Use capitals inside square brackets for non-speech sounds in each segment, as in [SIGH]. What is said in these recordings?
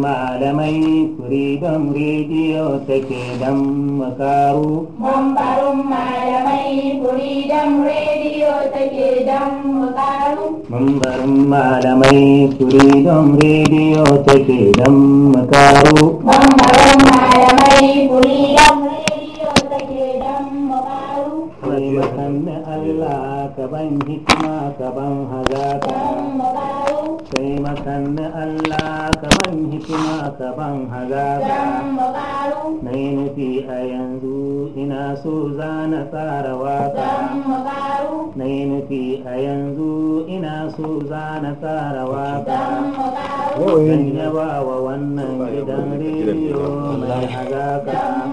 malamai kuridan rediyo take dan makaru mambarin malamai kuridan rediyo take dan makaru mambarin malamai kuridan rediyo take dan makaru mambarin malamai kuridan rediyo kaban hikima ka hazaka sai na Allah kaban ban hikima kaban hazaka na nufi a yanzu ina so za na tsara waka na nufi a yanzu ina so zana na tsara waka zan yaba wa wannan gidan rediyo mai hazaka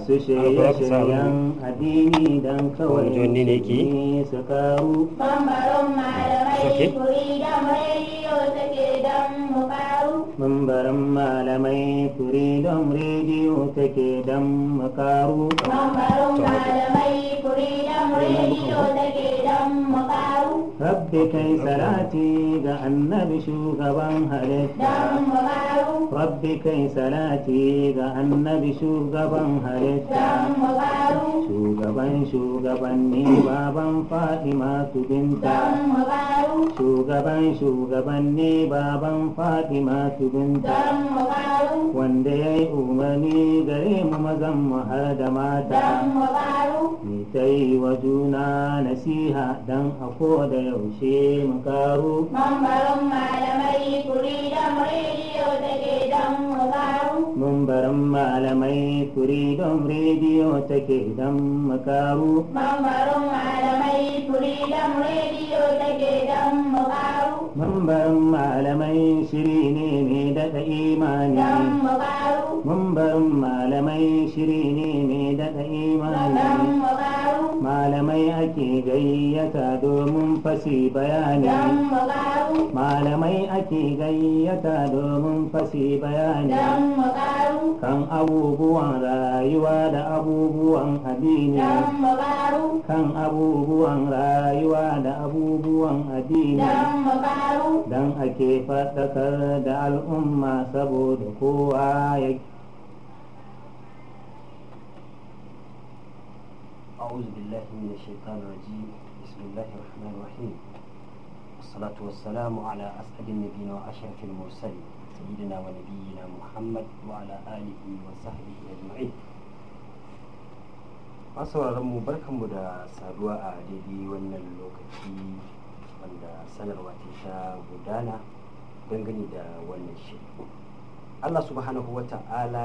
masu shirye-shiryen addini don kawai musulmi su karu. Bambarin malamai kuri rediyo take don mu karu. Bambarin malamai kuri da rediyo take don mu karu. Bambarin malamai مريدا مريد دكيدا كي سلاتي ga annabi shugaban halitta rabbi kai salati ga annabi shugaban halitta shugaban shugabanni baban fatima binta shugaban shugabanni baban fatima binta wanda ya yi umarni gare mu mazan mu mata Kai wa juna nasiha don a ko da yaushe makaru. Mambarin malamai kuri da rediyo take dan makaru. Mambarin malamai kuri da rediyo take dan makaru. Mambarin malamai kuri da rediyo take dan makaru. Mambarin malamai shiri ne mai daɗa imani. Dan makaru. Mambarin malamai shiri ne mai daɗa imani. malamai ake gayyata domin fasi bayani malamai ake gayyata domin fasi bayani kan abubuwan rayuwa da abubuwan addini kan abubuwan rayuwa da abubuwan addini dan ake faɗakar da al'umma saboda kowa yake أعوذ بالله من الشيطان الرجيم بسم الله الرحمن الرحيم والصلاة والسلام على أسعد النبيين وأشرف المرسلين سيدنا ونبينا محمد وعلى آله وصحبه أجمعين masauraran mu barkanmu da saduwa a daidai wannan lokaci wanda sanarwa ce sha gudana dangane da wannan shiri allah subhanahu wa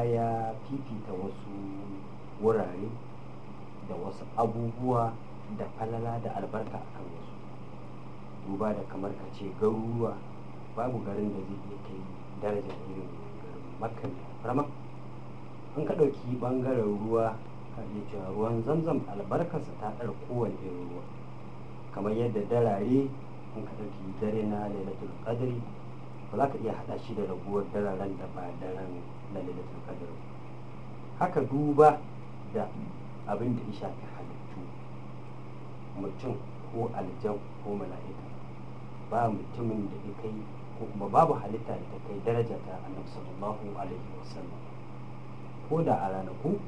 ya fifita wasu wurare da wasu abubuwa da falala da albarka a kan wasu duba da kamar ka ce garuruwa babu garin da zai iya kai darajar irin garin makka mai farma an ka ɗauki ɓangaren ruwa ka iya cewa ruwan zamzam albarkarsa ta ɗar kowane ruwa kamar yadda darare an ka ɗauki dare na lailatul ƙadari ba za ka iya haɗa shi da raguwar dararen da ba daren na ƙadari haka duba da abin da ya shafi halittu mutum ko aljan ko mala'ika ba mutumin da ya kai ko kuma babu halitta da ta kai daraja ta annabi sallallahu alaihi wasallam ko da a ranaku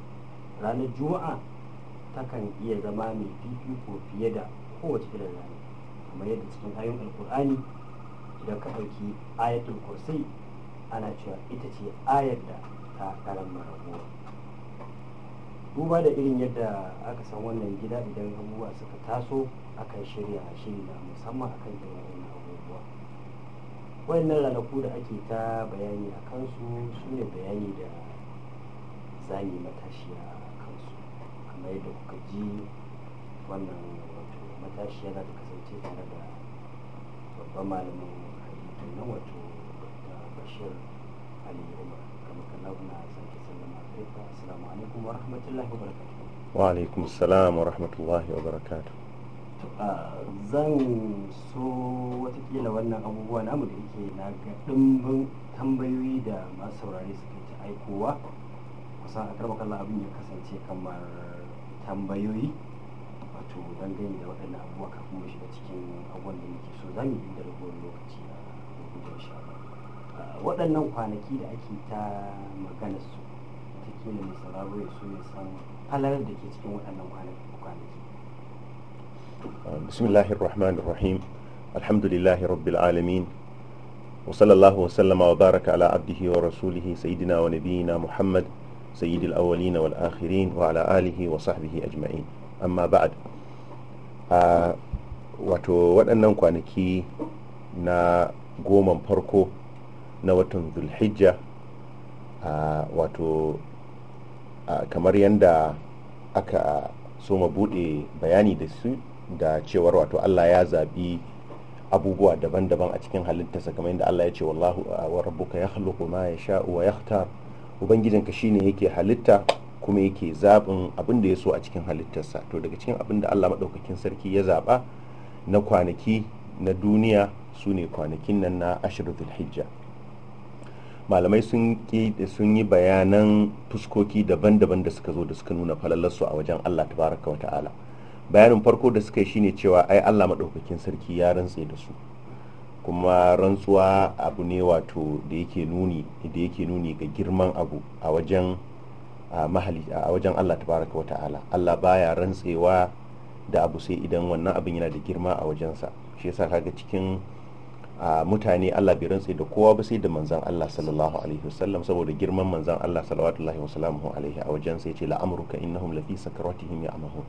ranar juma'a kan iya zama mai fifiko fiye da kowace irin rana kamar yadda cikin ayoyin alkur'ani idan ka ɗauki ayatul kursi ana cewa ita ce ayar da ta karan marabuwa duba da irin yadda aka san wannan gida idan abubuwa suka taso akan shirya shiri na musamman akan irin wannan abubuwa wayannan ranaku da ake ta bayani a kansu su ne bayani da zami matashi a kansu kamar yadda kuka ji wannan wato matashi yana da kasance tare da babban malamin hadisi na wato da bashir ali umar kamar na assalamu alaikum wa rahmatullahi wa rahmatullahi wa zan so watakila wannan abubuwa namu da yake na ga dimbin tambayoyi da masu saurare suke ta aikowa kusan a karɓar kallon abin ya kasance kamar tambayoyi wato dangane da waɗannan abubuwa kafin mu shiga cikin abubuwan da muke so zan yi da ragowar lokaci a rubuta waɗannan kwanaki da ake ta magana su dole mai sauraro ya so bismillahir rahmanir rahim alhamdulillahi rabbil alamin wa sallallahu wa baraka ala abdihi wa rasulihi sayyidina wa nabiyina muhammad sayyidil awwalin wal akhirin wa ala alihi wa sahbihi ajma'in amma ba'ad a wato waɗannan kwanaki na goman farko na watan zulhijja a wato kamar yadda aka soma bude bayani da su da cewar wato Allah ya zabi abubuwa daban-daban a cikin halittarsa kamar yadda Allah ya ce wallahu wa rabbuka yakhluqu ma sha'u wa yakhtar ubangijinka shine yake halitta kuma yake zabin abin da ya so a cikin halittarsa to daga cikin abin da Allah maɗaukakin sarki ya zaba na kwanaki na duniya su ne kwanakin nan na ashiratul hijja malamai sun yi bayanan fuskoki daban-daban da suka zo da suka nuna falalarsu a wajen allah tabaraka wa ta'ala bayanin farko da suka yi shine cewa ai allah maɗaukakin sarki ya rantse da su kuma rantsuwa abu ne wato da yake nuni da yake nuni ga girman abu a wajen mahali a wajen allah tabaraka wa ta'ala allah baya rantsewa da abu sai idan wannan abin yana da girma a wajensa shi yasa kaga cikin a mutane Allah bai rantsa da kowa ba sai da manzon Allah sallallahu alaihi wasallam saboda girman manzon Allah sallallahu alaihi a wajen sai ce la'amruka innahum lafi sakaratihim ya'mahun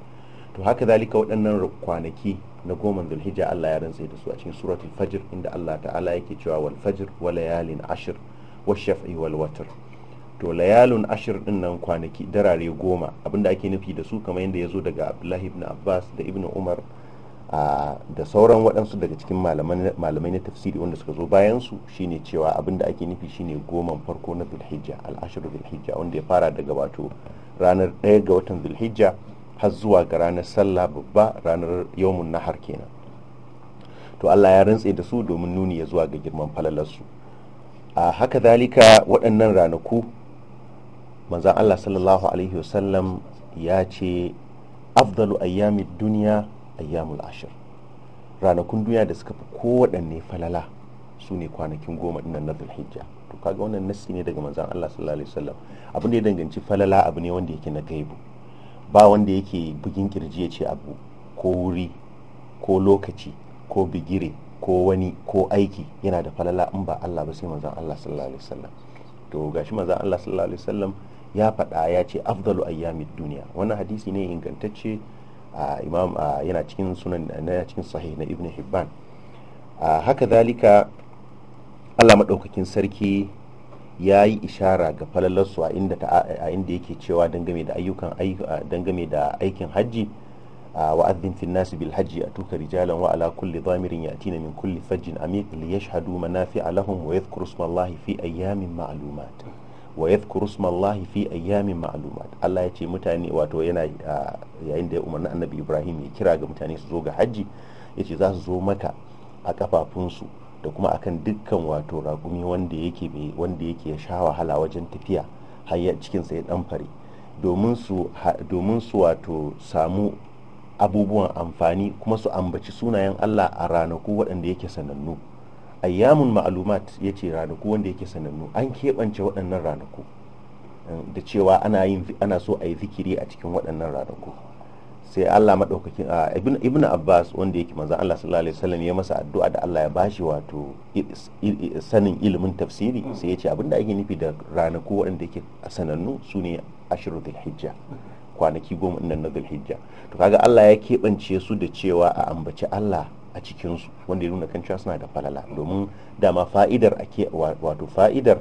to haka zalika waɗannan kwanaki na goma zulhijja Allah ya rantsa da su a cikin suratul fajr inda Allah ta'ala yake cewa wal fajr wa layalin ashr wa shaf'i wal watr to layalun ashir din nan kwanaki darare goma abinda ake nufi da su kamar yadda ya zo daga Abdullahi ibn Abbas da Ibn Umar da sauran waɗansu daga cikin malamai na tafsiri wanda suka zo bayan su shine cewa abin da ake nufi shine goman farko na zulhijja al'ashirin zulhijja wanda ya fara daga wato ranar ɗaya ga watan zulhijja har zuwa ga ranar sallah babba ranar yawmun nahar kenan to allah ya rantse da su domin nuni ya zuwa ga girman falalarsu a haka zalika waɗannan ranaku manzan allah sallallahu alaihi wasallam ya ce afdalu ayyamin duniya ayyamul ashir ranakun duniya da suka fi kowaɗanne falala su ne kwanakin goma ɗin na zulhijja to kaga wannan nassi ne daga manzan Allah sallallahu alaihi wasallam abin da ya danganci falala abu ne wanda yake na gaibu ba wanda yake bugin kirji ya ce abu ko wuri ko lokaci ko bigire ko wani ko aiki yana da falala in ba Allah ba sai manzan Allah sallallahu alaihi wasallam to gashi manzan Allah sallallahu alaihi wasallam ya faɗa ya ce afdalu ayyamid duniya wannan hadisi ne ingantacce imam yana cikin sunan na cikin sahih na ibn hibban haka dalika allah maɗaukakin sarki ya yi ishara ga falalarsu a inda yake cewa dangane da ayyukan dangane da aikin hajji wa'adin fin nasi bil hajji a tuka rijalan wa ala kulli zamirin tina min kulli fajjin amiq li yashhadu manafi'a lahum wa yadhkuru smallahi fi ayyamin ma'lumat wa yadhkuru ismallahi fi ayyamin ma'lumat Allah ya ce mutane wato yana yayin da ya umarni annabi Ibrahim ya kira ga mutane su zo ga hajji yace za su zo maka a kafafunsu da kuma akan dukkan wato ragumi wanda yake wanda yake sha wahala wajen tafiya har cikinsa sa ya dan fare domin su domin su wato samu abubuwan amfani kuma su ambaci sunayen Allah a ranaku waɗanda yake sanannu ayyamun ma'alumat ya ce ranaku wanda yake sanannu an keɓance waɗannan ranaku eh, da cewa ana ana so a yi zikiri a cikin waɗannan ranaku sai Allah maɗaukakin ah, ibn Abbas wanda yake manzo Allah sallallahu alaihi wasallam ya masa addu'a da Allah ya bashi wato sanin ilimin tafsiri sai ya ce abinda ake nufi da ranaku waɗanda yake sanannu sune ashiru hijja kwanaki goma nan na hijja to kaga Allah ya keɓance su da cewa a ambaci Allah a cikinsu wanda ya nuna kan cewa suna da falala domin dama fa'idar ake wato fa'idar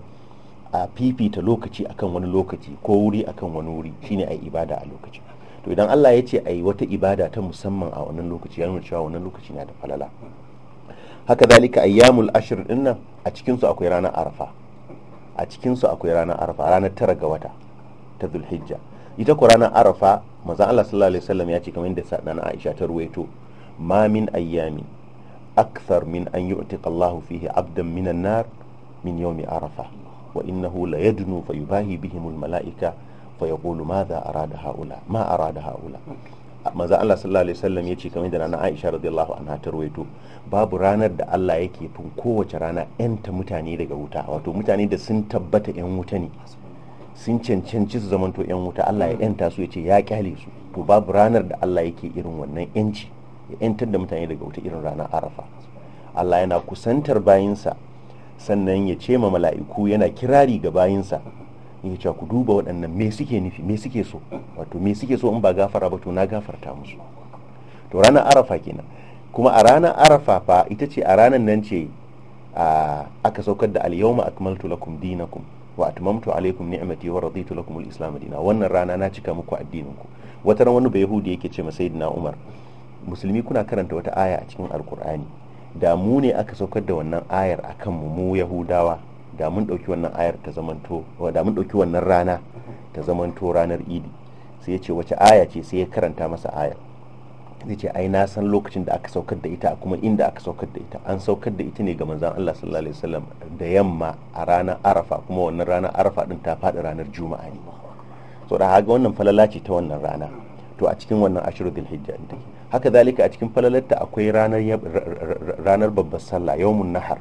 a fifita lokaci akan wani lokaci ko wuri akan wani wuri shine a ibada a lokaci to idan Allah ya ce a yi wata ibada ta musamman a wannan lokaci ya nuna cewa wannan lokaci na da falala haka dalika ayyamul ashir din nan a cikinsu akwai ranar arfa a cikinsu akwai ranar arfa ranar tara ga wata ta zulhijja ita ko ranar arfa manzon Allah sallallahu alaihi wasallam ya ce kamar yadda sanan Aisha ta ruwaito ma min ayyamin akthar min an yu'tiqa Allah fihi 'abdan min an-nar min yawmi arafa wa innahu la yadnu fa yubahi bihim al-mala'ika fa yaqulu madha haula ma haula Allah sallallahu alaihi wasallam yace kamar da na Aisha radiyallahu anha ta rawaito babu ranar da Allah yake fin kowace rana yanta mutane daga wuta wato mutane da sun tabbata yan wuta ne sun cancanci su zamanto yan wuta Allah ya yanta su yace ya kyale su to babu ranar da Allah yake irin wannan yanci ya yantar da mutane daga wata irin ranar arafa allah yana kusantar bayinsa sannan ya ce ma mala'iku yana kirari ga bayinsa ya ce ku duba waɗannan me suke nufi me suke so wato me suke so in ba gafara ba to na gafarta musu to ranar arafa kenan kuma a ranar arafa fa ita ce a ranar nan ce aka saukar da alyawma akmaltu lakum dinakum wa atmamtu alaykum ni'mati wa raditu lakum al-islam dina wannan rana na cika muku addinin ku wata ran wani bayahudi yake ce ma sayyidina umar musulmi kuna karanta wata aya a cikin alkur'ani da mu ne aka saukar da wannan ayar a kan mu yahudawa da mun ɗauki wannan ayar ta zamanto da mun ɗauki wannan rana ta zamanto ranar idi sai ya ce wace aya ce sai ya karanta masa ayar zai ce ai na san lokacin da aka saukar da ita kuma inda aka saukar da ita an saukar da ita ne ga manzan Allah sallallahu da yamma a ranar arafa kuma wannan ranar arafa din ta faɗi ranar juma'a ne Sau da haga wannan falala ce ta wannan rana to a cikin wannan ashirin dhulhijja take haka zalika a cikin falalarta akwai ranar ranar babbar sallah yawmun nahar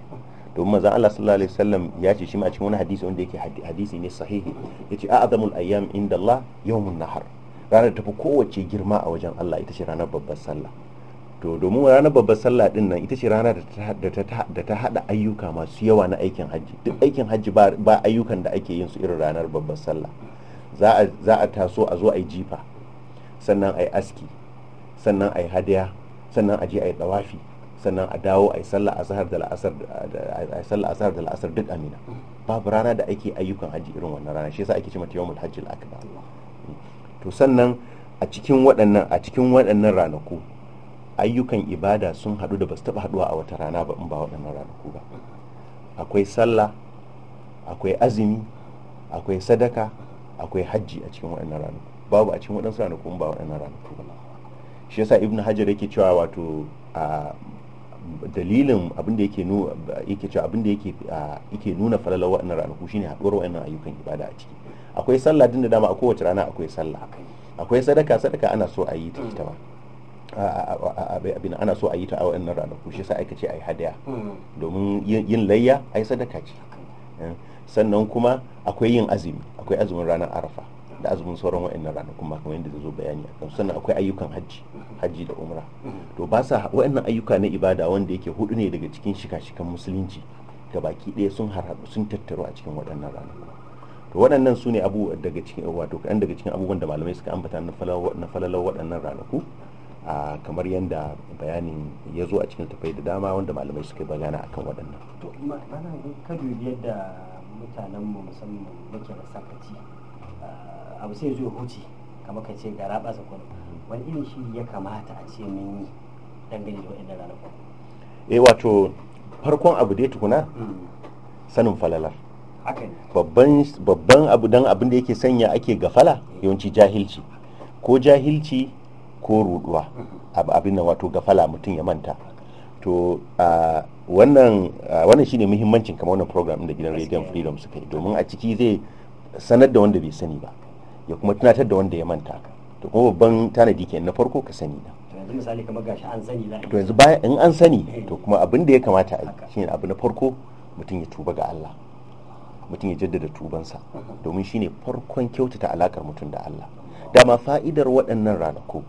domin manzon Allah sallallahu alaihi wasallam ya ce shi ma a cikin wani hadisi wanda yake hadisi ne sahihi yace a'zamul ayyam inda Allah yawmun nahar ranar tafi kowace girma a wajen Allah ita ce ranar babbar sallah to domin ranar babbar sallah din nan ita ce rana da ta hada ayyuka masu yawa na aikin hajji duk aikin hajji ba ayyukan da ake yin su irin ranar babbar sallah za a taso a zo a yi jifa sannan a yi aski sannan a yi hadiya sannan a je a yi tsawafi sannan a dawo a yi sallah azhar da la'asar da la'asar duk amina babu rana da ake ayyukan hajji irin wannan rana shi yasa ake ce mata hajji hajjil to sannan a cikin waɗannan a cikin waɗannan ranaku ayyukan ibada sun haɗu da ba su taɓa haɗuwa a wata rana ba in ba waɗannan ranaku ba akwai sallah akwai azumi akwai sadaka akwai hajji a cikin waɗannan ranaku babu a cikin waɗansu ranakun ba waɗannan ranaku ba shi yasa ibnu hajar yake cewa wato a dalilin abin da yake nuna yake cewa abin da yake yake nuna falalar waɗannan ranaku shine haɗuwar waɗannan ayyukan ibada a ciki akwai sallah din da dama a kowace rana akwai sallah akwai sadaka sadaka ana so a yi ta ita abin ana so a yi ta a waɗannan ranaku shi yasa aka ce ai hadaya mm. domin yin layya ai sadaka ce eh, sannan kuma akwai yin azumi akwai azumin ranar arafa da azumin sauran wa'annan ranakun ma kamar yadda zai zo bayani a kan sannan akwai ayyukan hajji hajji da umra to ba sa wa'annan ayyuka na ibada wanda yake hudu ne daga cikin shika-shikan musulunci ga baki ɗaya sun harhaɗu sun tattaru a cikin waɗannan ranakun to waɗannan su ne abu daga cikin wato kaɗan daga cikin abubuwan da malamai suka ambata na falalar waɗannan ranaku a kamar yadda bayanin ya zo a cikin tafai da dama wanda malamai suka yi bagana akan waɗannan to ana ka dubi yadda mutanenmu musamman muke da sakaci abu sai zo huce kamar ka ce gara ba kwano wani irin shi ya kamata a ce mun yi dangane da wa'annan ranakon eh wato farkon abu dai tukuna hmm. sanin falalar babban abu don abin da yake sanya ake gafala yawanci jahilci ko jahilci ko ruduwa hmm. abin nan wato gafala mutum ya manta to wannan wannan shine muhimmancin kamar wannan program da gidan radio freedom suka yi domin a ciki zai sanar da wanda bai sani ba ya kuma tunatar da wanda ya manta to kuma babban tanadi kenan na farko ka sani na an sani to yanzu bayan in an sani eh. to kuma abin da ya kamata a yi shine abu na farko mutum ya tuba ga Allah mutum ya jaddada tubansa domin shine farkon kyautata alakar mutum da Allah dama fa'idar waɗannan ranaku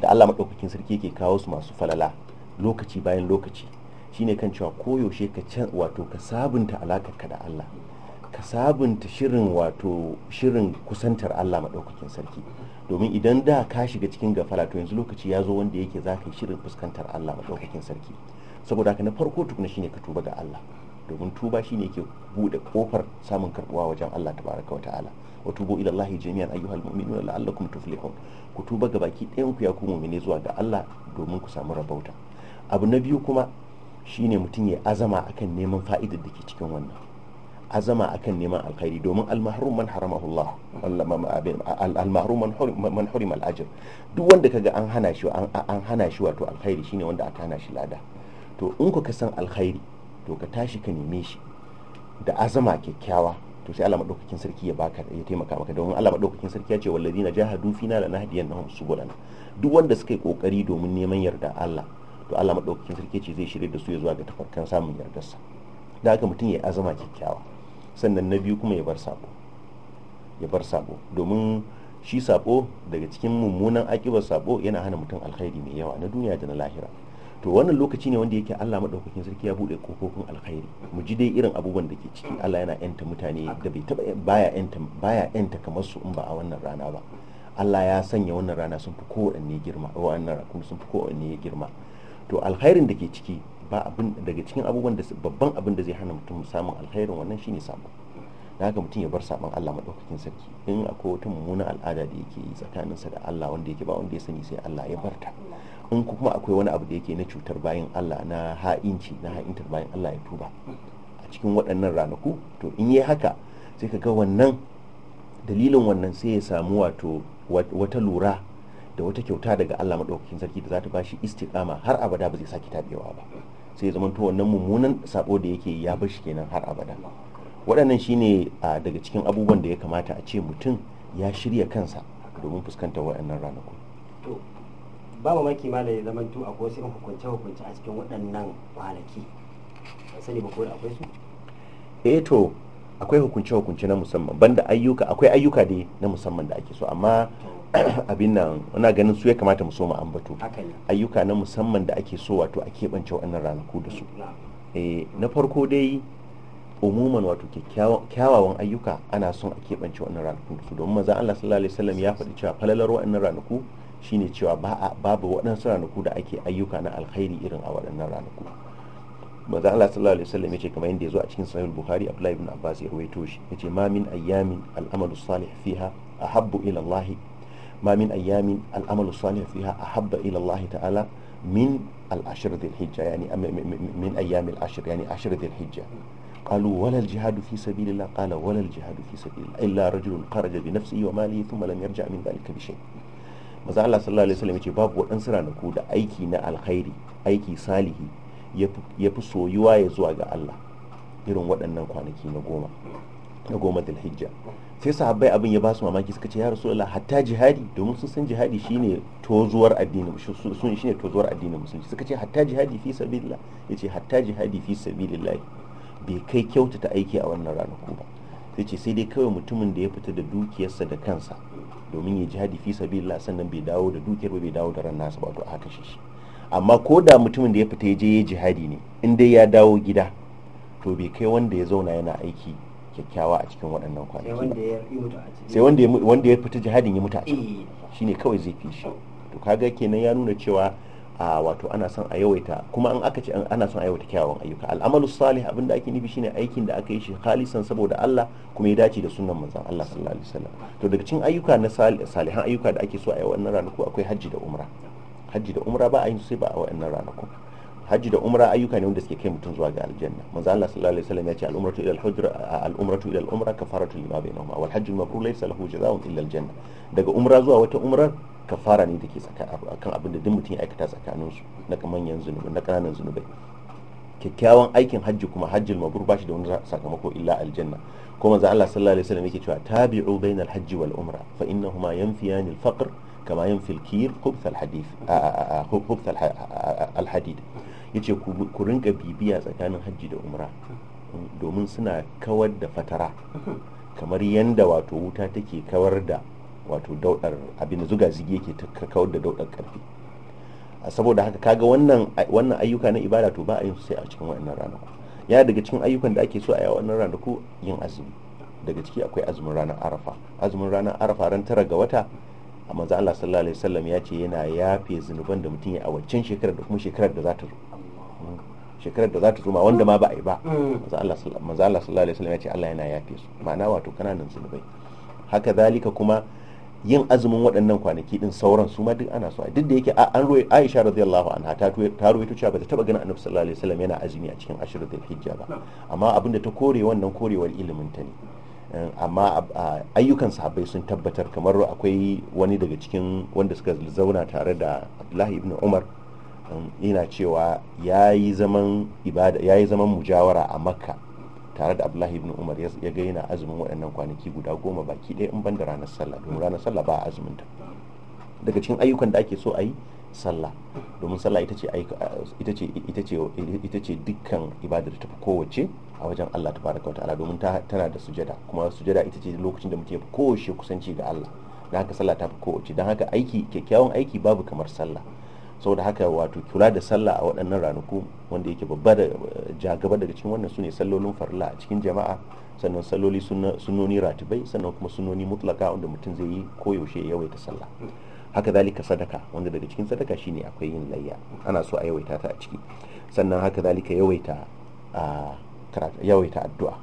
da Allah madaukakin sarki yake kawo su masu falala lokaci bayan lokaci shine kan cewa koyaushe ka wato ka sabunta alakar ka da Allah ka sabunta shirin wato shirin kusantar Allah maɗaukakin sarki domin idan da ka shiga cikin gafala to yanzu lokaci ya zo wanda yake za ka yi shirin fuskantar Allah maɗaukakin sarki saboda haka na farko tukuna shine ka tuba ga Allah domin tuba shine ke buɗe kofar samun karbuwa wajen Allah tabaraka wa ta'ala wa tubu ila Allah jami'an ayyuhal mu'minuna la'allakum tuflihun ku tuba ga baki ɗayan ku ya ku mu'mini zuwa ga Allah domin ku samu rabauta abu na biyu kuma shine mutum ya azama akan neman fa'idar da ke cikin wannan azama akan neman alkhairi domin almahrum man haramahullah almahrum man hurim al'ajir duk wanda kaga an hana shi an hana shi wato alkhairi shine wanda aka hana shi lada to in ka san alkhairi to ka tashi ka neme shi da azama kyakkyawa to sai Allah madaukakin sarki ya baka ya taimaka maka domin Allah madaukakin sarki ya ce walladina jahadu fina lanahdiyannahum subulana duk wanda suka yi kokari domin neman yarda Allah to Allah madaukakin sarki ce zai shirye da su ya zuwa ga tafarkan samun yardarsa da haka mutum ya yi azama kyakkyawa sannan na biyu kuma ya bar sabo ya bar sabo domin shi sabo daga cikin mummunan akibar sabo yana hana mutum alkhairi mai yawa na duniya da na lahira to wannan lokaci ne wanda yake Allah madaukakin sarki ya bude kofofin alkhairi mu ji dai irin abubuwan da ke ciki Allah yana yanta mutane da bai taba baya yanta baya yanta kamar su in ba a wannan rana ba Allah ya sanya wannan rana sun fi kowanne girma wannan sun fi kowanne girma to alkhairin da ke ciki ba abin daga cikin abubuwan da babban abin da zai hana mutum samun alkhairin wannan shine sabo na ga mutum ya bar sabon Allah madaukakin sarki in akwai wata mummunan al'ada da yake yi tsakaninsa da Allah wanda yake ba wanda ya sani sai Allah ya barta in kuma akwai wani abu da yake na cutar bayan Allah na ha'inci na ha'intar bayan Allah ya tuba a cikin waɗannan ranaku to in yi haka sai ka ga wannan dalilin wannan sai ya samu wato wata lura da wata kyauta daga Allah madaukakin sarki da za ta bashi istiqama har abada ba zai sake tabewa ba sai zama to wannan mummunan sabo da yake ya bar shi kenan har abada waɗannan shine daga cikin abubuwan da ya kamata a ce mutum ya shirya kansa domin fuskantar waɗannan ranaku to ba maki ma da ya zama to akwai sai hukunce hukunce a cikin waɗannan kwanaki sani ba ko da akwai su eh to akwai hukunce hukunce na musamman banda ayyuka akwai ayyuka dai na musamman da ake so amma [COUGHS] abin nan ina ganin su ya kamata mu so mu ambato ayyuka na musamman da ake so wato a keɓance wannan ranaku da su eh, na farko dai umuman wato kyawawan ayyuka ana son a keɓance wannan ranaku da su domin maza Allah sallallahu alaihi wasallam ya faɗi cewa falalar waɗannan ranaku shine cewa babu waɗansu ranaku da ake ayyuka na alkhairi irin a waɗannan ranaku maza Allah sallallahu alaihi wasallam yace kamar yadda zo a cikin sahih bukhari Abdullah ibn Abbas ya rawaito shi ya ma min ayyamin al'amalu salih fiha ahabbu ila Allah Mamin min al'amalu salih fiha ahabba ila Allah ta'ala min al-ashr dhil hijja yani min ayyam al-ashr yani ashr dhil hijja قالوا ولا الجهاد في سبيل الله قال ولا الجهاد في سبيل الله إلا رجل خرج بنفسه وماله ثم لم يرجع من ذلك بشيء maza Allah sallallahu alaihi wasallam yace babu waɗansu ranaku da aiki na alkhairi aiki salihi ya fi soyuwa ya zuwa ga Allah irin waɗannan kwanaki na goma na goma sai sahabbai abin ya ba su mamaki suka ce ya Allah hatta jihadi domin sun san jihadi shine tozuwar addini sun shine tozuwar addini musulunci suka ce hatta jihadi fi sabilillah yace hatta jihadi fi sabilillah bai kai kyautata aiki a wannan ranaku ba sai ce sai dai kawai mutumin da ya fita da dukiyarsa da kansa domin ya jihadi fi sabilillah sannan bai dawo da dukiyar ba bai dawo da ran nasa ba to aka kashe shi amma ko da mutumin da ya fita ya je ya jihadi ne in dai ya dawo gida to bai kai wanda ya zauna yana aiki kyakkyawa a cikin waɗannan kwanaki sai wanda ya fita jihadin ya mutu a can eh. shine kawai zai fi shi to kaga kenan ya nuna cewa a wato ana son a yawaita kuma an aka ce ana son a yawaita kyawawan ayyuka al'amalu salih abin ake nufi shine aikin da aka yi shi khalisan saboda Allah kuma ya dace da sunan manzon Allah sallallahu alaihi wasallam to daga cikin ayyuka na salihan ayyuka da ake so a yi wannan ranaku akwai hajji da umra hajji da umra ba a yin sai ba a wannan ranaku hajji da umra ayyuka ne wanda suke kai mutum zuwa ga aljanna manzo Allah sallallahu alaihi wasallam ya ce al-umratu ila al-hujra al-umratu ila al-umra kafaratu lima bainahuma wal hajju mabrur laysa lahu jazaa'un illa al-janna daga umra zuwa wata umrar kafara ne take tsaka akan abin da duk mutum ya aikata tsakanin su na manyan ne na kananan zunubai kyakkyawan aikin hajji kuma hajjul mabrur bashi da wani sakamako illa aljanna ko manzo Allah sallallahu alaihi wasallam yake cewa tabi'u bainal hajji wal umra fa innahuma yanfiyani al-faqr kama yanfi al-kir khubth al-hadith khubth al hadith yace ku rinka bibiya tsakanin hajji da umra domin suna kawar da fatara kamar yadda wato wuta take kawar da wato daudar abin zuga zigi yake ta kawar da daudar karfi saboda haka kaga wannan wannan ayyuka na ibada to ba a yin sai a cikin wannan ranaku ya daga cikin ayyukan da ake so a yi a wannan ranaku yin azumi daga ciki akwai azumin ranar arafa azumin ranar arafa ran tara ga wata a manzo Allah sallallahu alaihi wasallam ya ce yana yafe zunuban da mutum ya a waccan shekarar da kuma shekarar da za ta zo shekarar da za ta zuma wanda ma ba a yi ba mm. Maza Allah sallallahu alaihi wasallam ya ce Allah yana yafe su ma'ana wato kananan zunubai haka zalika kuma yin azumin waɗannan kwanaki din sauran su ma duk ana so duk da yake an roye Aisha radiyallahu anha ta ta ruwaito ba bata taba ganin Annabi sallallahu alaihi wasallam yana azumi a cikin ashirin hijja ba amma abin da ta kore wannan korewar ilimin ta ne eh, amma ayyukan sahabbai sun tabbatar kamar akwai wani daga cikin wanda suka zauna tare da Abdullahi ibn Umar Um, yana cewa ya yi zaman mujawara a makka tare da abdullahi ibn umar ya ga yana azumin waɗannan kwanaki guda goma baki ɗaya in ban da ranar sallah domin ranar sallah ba a daga cikin ayyukan da ake so a yi sallah domin sallah ita ce dukkan ibada da tafi kowace a wajen Allah Ta tabaraka wa ta'ala domin tana da sujada kuma sujada ita ce lokacin da mutum ya fi kowace kusanci ga Allah dan haka sallah ta fi kowace dan haka aiki kyakkyawan aiki babu kamar sallah saboda haka wato kula da sallah a waɗannan ranaku wanda yake babba da eh, jagaba daga cikin wannan sune sallolin farla a cikin jama'a sannan salloli sunoni ratibai sannan kuma sunoni mutlaka wanda mutum zai yi koyaushe ya yawaita sallah haka zalika sadaka wanda daga cikin sadaka shine akwai yin layya ana so a yawaita ta a ciki sannan haka zalika yawaita yawaita addu'a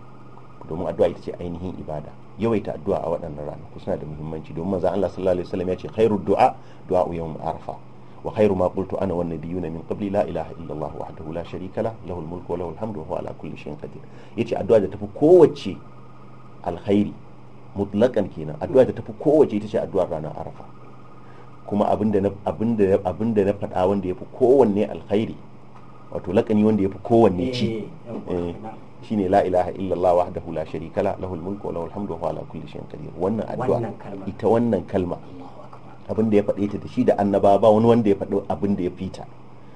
domin addu'a ita ce ainihin ibada yawaita addu'a a waɗannan ranaku suna da muhimmanci domin manzo Allah sallallahu alaihi wasallam ya ce khairu du'a du'a yawm arfa وخير ما قلت انا والنبيون من nabiyuna لا اله la ilaha وحده لا شريك له له la وله الحمد wa على كل شيء قدير ala ده تفي addu'a مطلقا tafi kowace ده تفي kenan addu'a tafi kowace ita ce addu'ar ranar arafa kuma abinda na faɗa wanda yafi kowanne wato lakani wanda fi kowanne ci eh, eh, shine la ilaha illallah wahdahu la sharika la lahul mulku wa lahul hamdu wa huwa ala kulli shay'in qadir wannan addu'a ita wannan kalma abin da ya faɗe ta da shi da annaba ba wani wanda ya faɗi abin da ya fita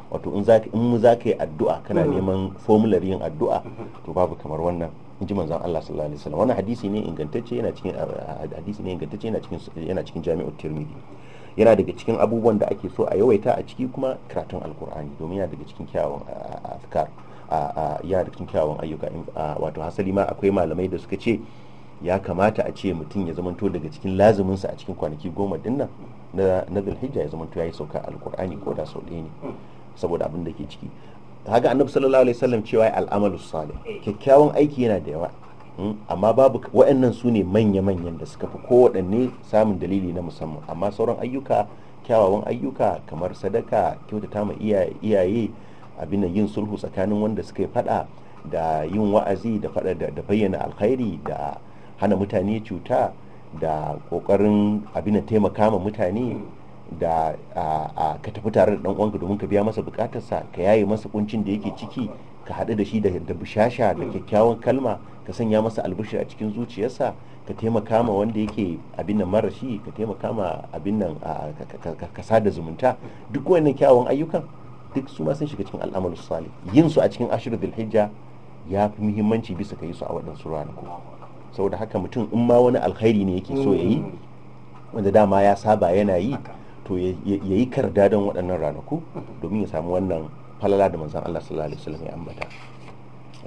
wato in zaka in mu zaka yi addu'a kana mm-hmm. neman formular yin addu'a mm-hmm. to babu kamar wannan in ji manzon Allah sallallahu alaihi wasallam wannan hadisi ne ingantacce yana cikin hadisi ne ingantacce yana cikin yana cikin Jami'u Tirmidhi yana daga cikin abubuwan da ake so a yawaita a ciki kuma karatun alkur'ani domin yana daga cikin kyawun azkar yana daga cikin kyawun ayyuka wato hasali ma akwai malamai da suka ce ya kamata a ce mutum ya zamanto daga cikin lazuminsa a cikin kwanaki goma din nan na zulhijja ya zamanto ya yi sauka alkur'ani ko da sau ɗaya ne saboda abin da ke ciki haka annabi sallallahu alaihi wasallam cewa al'amalu salih kyakkyawan aiki yana da yawa hmm, amma babu waɗannan su ne manya-manyan da suka fi kowaɗanne samun dalili na musamman amma sauran ayyuka kyawawan ayyuka kamar sadaka kyautata ma iyaye abin da yin sulhu tsakanin wanda suka yi fada da yin wa'azi da fada da bayyana alkhairi da hana mutane cuta da kokarin abin taimaka ma mutane da ka tafi tare da uwanka domin ka biya masa bukatarsa ka yaye masa kuncin da yake ciki ka haɗu da shi da bushasha da kyakkyawan kalma ka sanya masa albishi a cikin zuciyarsa ka taimaka ma wanda yake abin nan mara shi ka taimaka ma abin nan ka sada zumunta duk wannan kyawun ayyukan duk su ma sun shiga cikin al'amalus salih yin su a cikin ashirin dhulhijja ya fi muhimmanci bisa ka yi su a waɗansu ranaku saboda haka mutum in ma wani alkhairi ne yake so ya yi mm. wanda dama ya saba yana yi to ya yi karda don waɗannan ranaku domin ya samu wannan falala da manzan Allah sallallahu alaihi wasallam ya ambata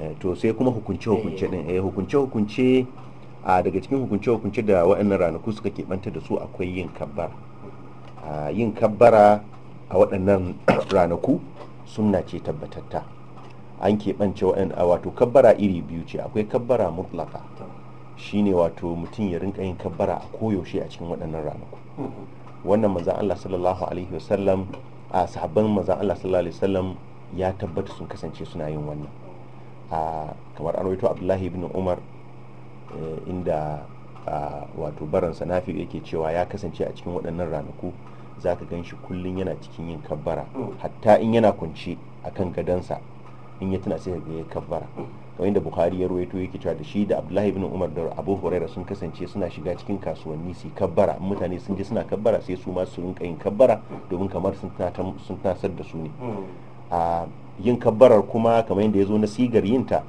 eh, to sai kuma hukunce hukunce eh. din eh hukunce hukunce a daga cikin hukunce hukunce da waɗannan ranaku suka keɓanta da su akwai yin kabbara yin kabbara a waɗannan [COUGHS] ranaku sunna ce tabbatatta an keɓance waɗanda wato kabbara iri biyu ce akwai kabbara mutlaka shine wato mutum ya rinka yin kabbara a koyaushe a cikin waɗannan ranaku wannan manzan Allah sallallahu alaihi wasallam a sahabban maza Allah sallallahu alaihi wasallam ya tabbata sun kasance suna yin wannan a kamar an rawaito Abdullahi ibn Umar eh, inda wato baransa sanafi yake cewa ya kasance a cikin waɗannan ranaku zaka gan shi kullum yana cikin yin kabbara hatta in yana kunce akan gadansa in ya tuna sai ya kabbara wanda bukhari ya ruwaito yake cewa da shi da abdullahi ibn umar da abu huraira sun kasance suna shiga cikin kasuwanni su kabbara mutane sun je suna kabbara sai su ma su rinka yin kabbara domin kamar sun tasar da su ne hmm. a yin kabbarar kuma kamar yadda ya zo na sigar yinta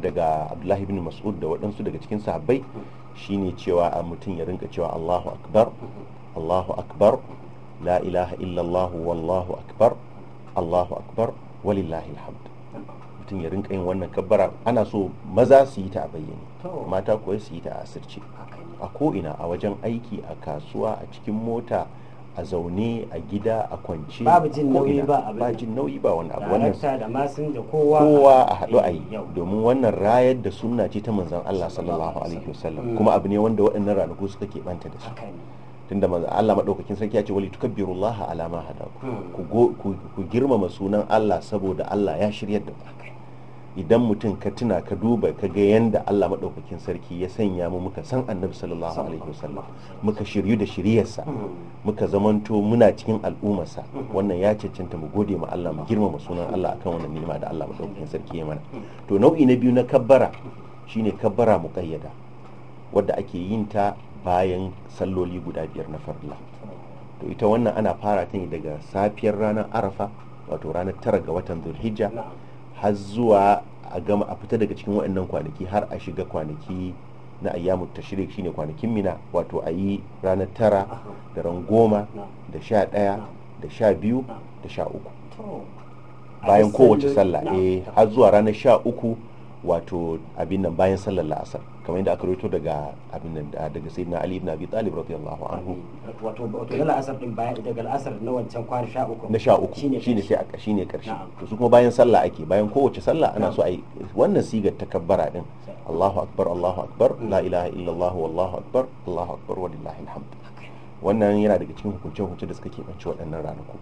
daga abdullahi ibn mas'ud da waɗansu daga cikin sahabbai shine cewa a mutum ya rinka cewa allahu akbar allahu akbar la ilaha illallah wallahu akbar allahu akbar walillahi alhamdu mutum ya rinka yin wannan kabbara ana so maza su yi ta a bayyane mata kuwa su yi ta a asirce a ko'ina a wajen aiki a kasuwa a cikin mota a zaune a gida a kwance ba jin nauyi ba wani abu wannan kowa a haɗu eh, a yi domin wannan rayar da sunna ce ta manzan Allah sallallahu alaihi wasallam kuma mm. abu ne wanda waɗannan ranaku suka keɓanta da su tunda manzan Allah maɗaukakin sarki ya ce wali tukabbirullaha ala ma hadaku mm. ku girmama sunan Allah saboda Allah ya shiryar da ku idan mutum ka tuna ka duba ka ga yadda Allah maɗaukakin sarki ya sanya mu muka san annabi sallallahu alaihi wasallam muka shiryu da shiryarsa hmm. muka zamanto muna cikin al'ummarsa hmm. wannan ya cancanta mu gode ma Allah mu hmm. girmama sunan Allah akan wannan ni'ima da Allah maɗaukakin sarki ya mana to nau'i na biyu na kabbara shine kabbara muqayyada wadda ake yin ta bayan salloli guda biyar na farla to ita wannan ana fara ta ne daga safiyar ranar arafa wato ranar tara ga watan zulhijja har zuwa a gama a fita daga cikin waɗannan kwanaki har a shiga kwanaki na ayyamu shi shine kwanakin mina wato a yi ranar tara da ran goma da sha ɗaya da sha biyu da sha uku bayan kowace sallah eh har zuwa ranar sha uku wato abin nan bayan sallar la'asar kamar yadda aka rawaito daga abin nan daga sayyidina ali ibn abi talib radiyallahu anhu wato wato la'asar din bayan daga la'asar na wancan kwari sha uku na sha uku shine sai a shine karshe to su kuma bayan sallah ake bayan kowace sallah ana so ai wannan sigar takabbara din Allahu akbar Allahu akbar la ilaha illallah wallahu akbar Allahu akbar walillahil alhamd wannan yana daga cikin hukunce-hukunce da suka bace waɗannan ranaku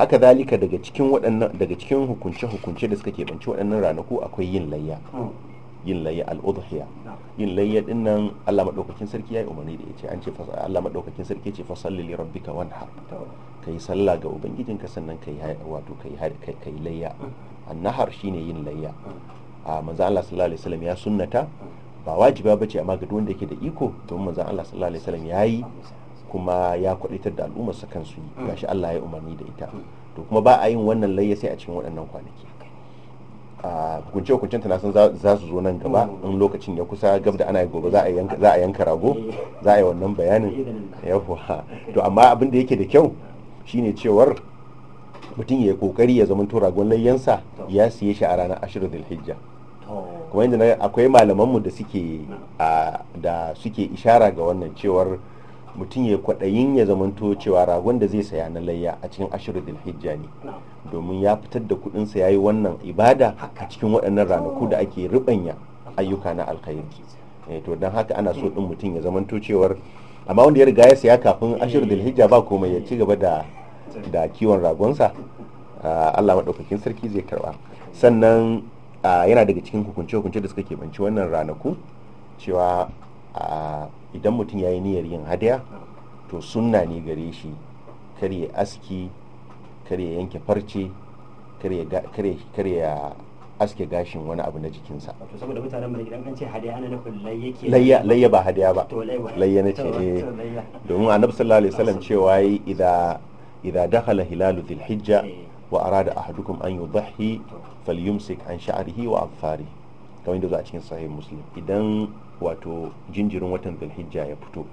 haka zalika daga cikin waɗannan daga cikin hukunce-hukunce da suka keɓanci waɗannan ranaku akwai yin layya hmm. yin layya al'udhiya yin layya din nan Allah madaukakin sarki yayi umarni da yace an ce fa Allah madaukakin sarki ce fa salli li rabbika wanhar kai sallah ga ubangijinka sannan kai wato kai kai layya hmm. annahar shine yin layya hmm. a ah, manzo Allah sallallahu alaihi wasallam ya sunnata ba wajiba bace amma ga duk wanda yake da iko domin manzo Allah sallallahu alaihi wasallam yayi kuma ya kwadatar da al'ummarsa kansu yi mm. gashi Allah ya umarni da ita mm. to kuma ba a yin wannan layya sai a cikin waɗannan kwanaki a hukunce hukuncen tana san za su zo nan gaba mm. in lokacin ya kusa gab da ana gobe za a yanka rago za a yi wannan bayanin yawa to amma abin da yake da kyau shine cewar mutum ya kokari ya zama ragon layyansa ya siye shi a ranar ashirin dhulhijja kuma inda akwai malamanmu da suke da suke ishara ga wannan cewar mutum ya kwaɗayin ya zamanto cewa ragon da zai saya na layya a cikin ashirin dilhijja ne domin ya fitar da kuɗinsa ya yi wannan ibada a cikin waɗannan ranaku da ake ribanya ayyuka na alkhairi eh, to don haka ana so ɗin mutum ya zamanto cewar amma wanda ya riga ya saya kafin ashirin dilhijja ba komai ya ci gaba da da kiwon ragonsa ah, Allah maɗaukakin sarki zai karɓa sannan ah, yana daga cikin hukunce-hukunce da suka keɓanci wannan ranaku cewa ah, idan mutum ya yi niyyar yin hadiya to sunna ne gare shi kar ya aski kar ya yanke farce kar ya aske gashin wani abu na jikinsa saboda mutanen mai idan an ce hadiya ana nufin yake layya layya ba hadiya ba layya na ce eh domin annabi sallallahu alaihi wasallam cewa yi idza idza dakhala hilalu dhil hijja eh. wa arada ahadukum an yudhi falyumsik an sha'rihi wa afarihi kamar yadda a cikin sahih muslim idan wato jinjirin watan zulhijja ya fito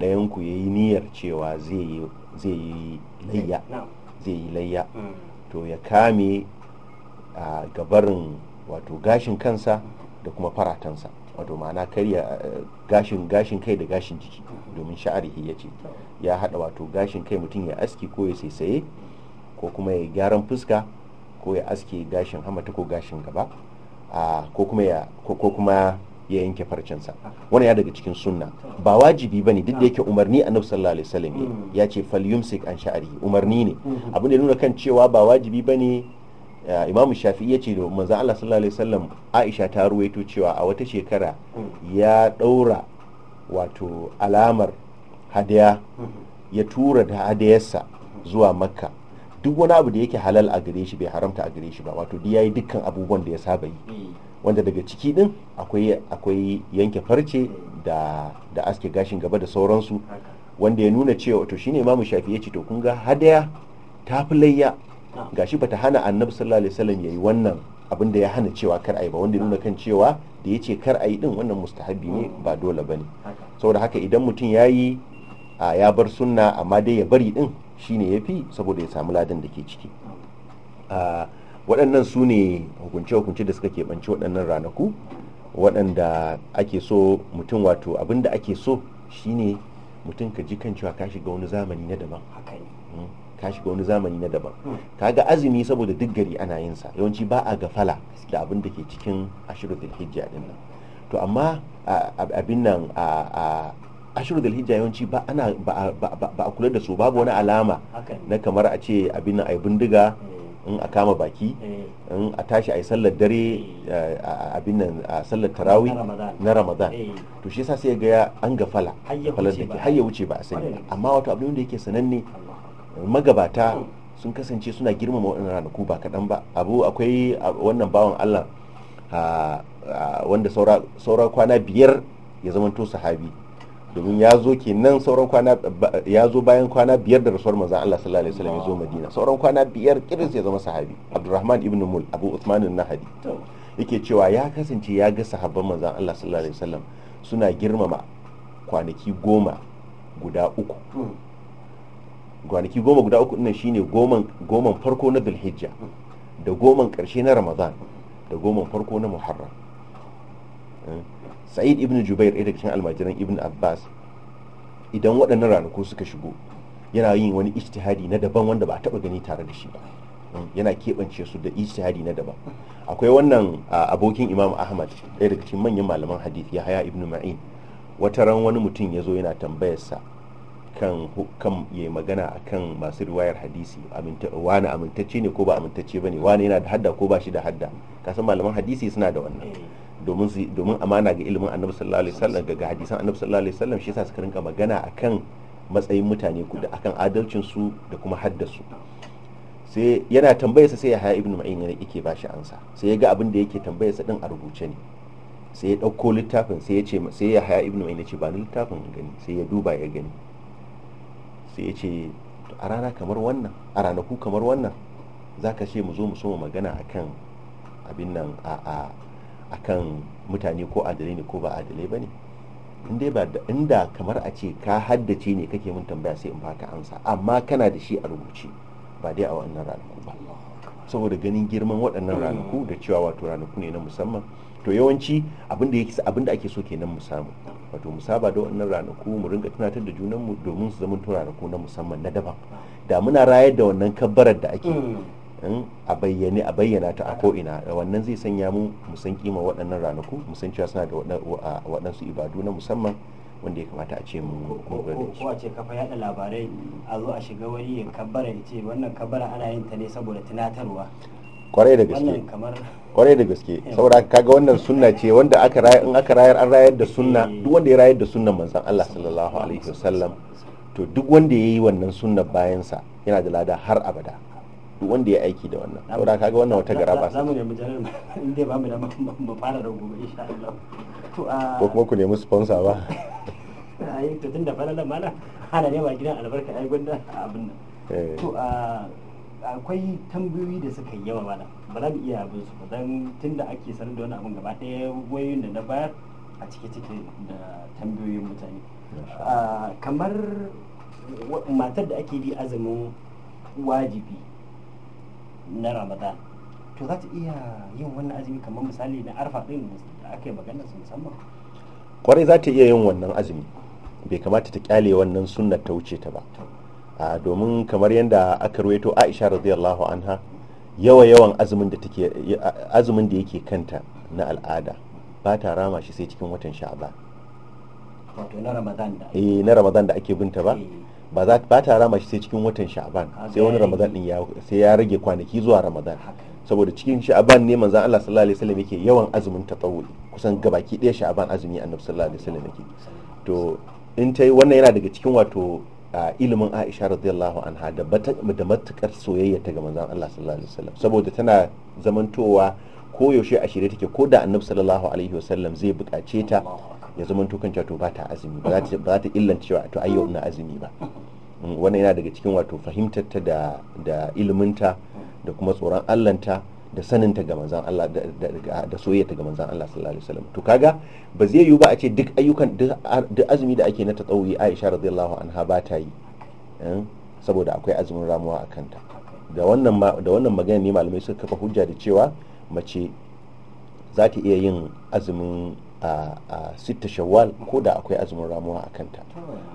ɗayan ku yi niyyar cewa zai yi zai layya eh, zai yi layya mm. to ya kame a gabarin wato gashin kansa da kuma faratansa wato ma'ana karya eh, gashin gashin kai da gashin jiki domin sha'arihi ya ce ya hada wato gashin kai mutum ya aski ko ya saisaye ko kuma ya gyaran fuska ko ya aske gashin hamata ko gashin gaba ko kuma ya ko kuma ya yanke farcinsa wani ya daga cikin sunna ba wajibi bane duk da yake umarni annabi sallallahu alaihi wasallam mm. ya ce fal yumsik an sha'ari umarni ne mm-hmm. abin da nuna kan cewa ba wajibi bane eh, imamu shafi'i ya ce da manzo Allah sallallahu alaihi wasallam Aisha ta ruwaito cewa a wata shekara mm. ya daura wato alamar hadiya mm-hmm. ya tura da hadayarsa mm-hmm. zuwa makka duk wani abu da yake halal a gare shi bai haramta a gare shi ba wato da yayi dukkan abubuwan da ya saba yi mm. wanda daga ciki din akwai yanke farce da aske gashin gaba da sauransu wanda ya nuna cewa to shine imamu shafi ya ce to kun ga hadaya ta fi layya shi bata hana annabi sallallahu alaihi wasallam yayi wannan abin da ya hana cewa kar ayi ba wanda ya nuna kan cewa da ya ce kar ayi din wannan mustahabi ne ba dole bane saboda haka idan mutum yayi ya bar sunna amma dai ya bari din shine yafi saboda ya samu ladan da ke ciki waɗannan su ne hukunce-hukunce da suka keɓance waɗannan ranaku waɗanda ake so mutum wato abin da ake so shine mutum ka ji kan cewa ka shiga wani zamani na daban haka ne hmm. ka shiga wani zamani na daban hmm. kaga azumi saboda duk gari ana yin sa yawanci ba a gafala da abin da ke cikin ashirin hijja din nan to amma abin nan a da hijja yawanci ba ana ba a kula da su babu wani alama na kamar a ce abin nan ai bindiga eh. in a kama baki eh. in a tashi a yi sallar dare eh. abin binan a sallar tarawi na ramadan eh. to shi yasa sai ga an gafala falar da ke har ya wuce ba a sani amma wato abin da yake sananne magabata hmm. sun kasance suna girmama waɗannan ranaku ba kaɗan ba abu akwai wannan bawan allah wanda saura kwana biyar ya zama zamanto sahabi domin ya zo kenan sauran kwana ya zo bayan kwana biyar da rasuwar manzon Allah sallallahu alaihi wasallam ya zo Madina sauran kwana biyar kiris ya zama sahabi Abdurrahman ibn Mul Abu Uthman an-Nahdi yake cewa ya kasance ya ga sahabban manzon Allah sallallahu alaihi wasallam suna girmama kwanaki goma guda uku kwanaki goma guda uku ɗin shine goman farko na Dhulhijja da goman ƙarshe na Ramadan da goman farko na Muharram eh? sa'id ibn jubair ɗaya daga cikin almajiran ibn abbas idan waɗannan ranaku suka shigo yana yin wani ijtihadi na daban wanda ba a taɓa gani tare da shi ba mm, yana keɓance su da ijtihadi na daban akwai wannan ah, abokin imam ahmad ɗaya daga cikin manyan malaman hadith ya haya ibn ma'in wata ran wani mutum ya zo yana tambayarsa kan kan ya magana kan masu riwayar hadisi wani amintacce ne ko ba amintacce ba ne wani yana da hadda ko ba shi da hadda kasan malaman hadisi suna da wannan domin amana ga ilimin annabi sallallahu alaihi wasallam ga hadisan annabi sallallahu alaihi wasallam shi yasa suka rinka magana akan matsayin mutane da akan adalcin su da kuma haddasu sai yana tambayarsa sai ya haya ibnu ma'in yana yake bashi ansa sai ya ga abin da yake tambayarsa din a rubuce ne sai ya dauko littafin sai ya ce sai ya haya ibnu ma'in ya ce ba ni littafin gani sai ya duba ya gani sai ya ce a rana kamar wannan a ranaku kamar wannan zaka ce mu zo mu so magana akan abin nan a akan mutane ko adalai ne ko ba adalai ba ne inda kamar a ce ka haddace ne kake mun tambaya sai in baka amsa amma kana da shi a rubuce ba dai a wannan ranaku ba saboda ganin girman waɗannan ranaku da cewa wato ranaku ne na musamman to yawanci abin da ake so kenan mu samu wato mu saba da wannan ranaku mu ringa tunatar da junanmu domin su zama ranaku na musamman na daban da muna rayar da wannan kabbarar da ake mm. a bayyane a bayyana ta a ko'ina wannan zai sanya mu musan kima waɗannan ranaku musan cewa suna da waɗansu ibadu na musamman wanda ya kamata a ce mu kuma ko a ce kafa yada labarai a zo a shiga wani ya kabbara ya ce wannan kabbara ana yin ta ne saboda tunatarwa kwarai da gaske kwarai da gaske [LAUGHS] saboda kaga wannan sunna ce wanda aka rayar in aka rayar an rayar da sunna eh. duk wanda ya rayar da sunnan manzon Allah sallallahu alaihi wasallam to duk wanda yayi wannan sunna bayan sa yana da lada har abada wanda ya aiki da wannan saboda kaga wannan wata gara ba za mu nemi janar [LAUGHS] in dai ba mu da mu fara da gobe insha Allah to a ko kuma ku nemi sponsor ba [LAUGHS] ai to tunda fara mala ana ne ba gidan albarka ai gunda abin nan eh. to a akwai tambayoyi da suka yi yawa mana ba za mu iya abin su ba dan tunda ake sanar da wani abin gaba ɗaya wayoyin da na bayar a cike cike da tambayoyin mutane kamar matar da ake bi azumin wajibi na ramadan to za ta iya yin wannan azumi kamar misali na arfa din da aka yi magana su musamman kwarai za ta iya yin wannan azumi bai kamata ta kyale wannan sunnar ta wuce ta ba domin kamar yadda aka ruwaito aisha radiyallahu anha yawa yawan azumin da take azumin da yake kanta na al'ada ba ta rama shi sai cikin watan sha'ban wato na ramadan da eh na ramadan da ake binta ba eh. ba za ba ta rama shi sai cikin watan sha'aban sai wani ramadan din ya sai ya rage kwanaki zuwa ramadan saboda cikin sha'aban ne manzon Allah sallallahu alaihi wasallam yake yawan azumin tatawuli kusan gabaki ɗaya sha'aban azumi annabi sallallahu alaihi wasallam yake to in tai wannan yana daga cikin wato ilimin Aisha radiyallahu anha da da matukar soyayya ta ga manzon Allah sallallahu alaihi wasallam saboda tana zamantowa koyaushe a shirye take ko da annabi sallallahu alaihi wasallam zai bukace ta ya zama tukan cewa to ba ta azumi ba za ta illan cewa to ayyau ina azumi ba mm, wannan yana daga cikin wato fahimtar ta da da iliminta da kuma tsoron allanta da saninta ga manzan Allah da soyayya ga manzan Allah sallallahu alaihi wasallam to kaga ba zai yiwu ba a ce duk ayyukan duk azumi da ake na ta tsawuyi Aisha radiyallahu anha ba ta yi eh, saboda akwai azumin ramuwa a kanta da wannan da wannan magana ne malamai suka kafa hujja da cewa mace za ta iya yin azumin a sitta shawwal ko da akwai azumin ramuwa a kanta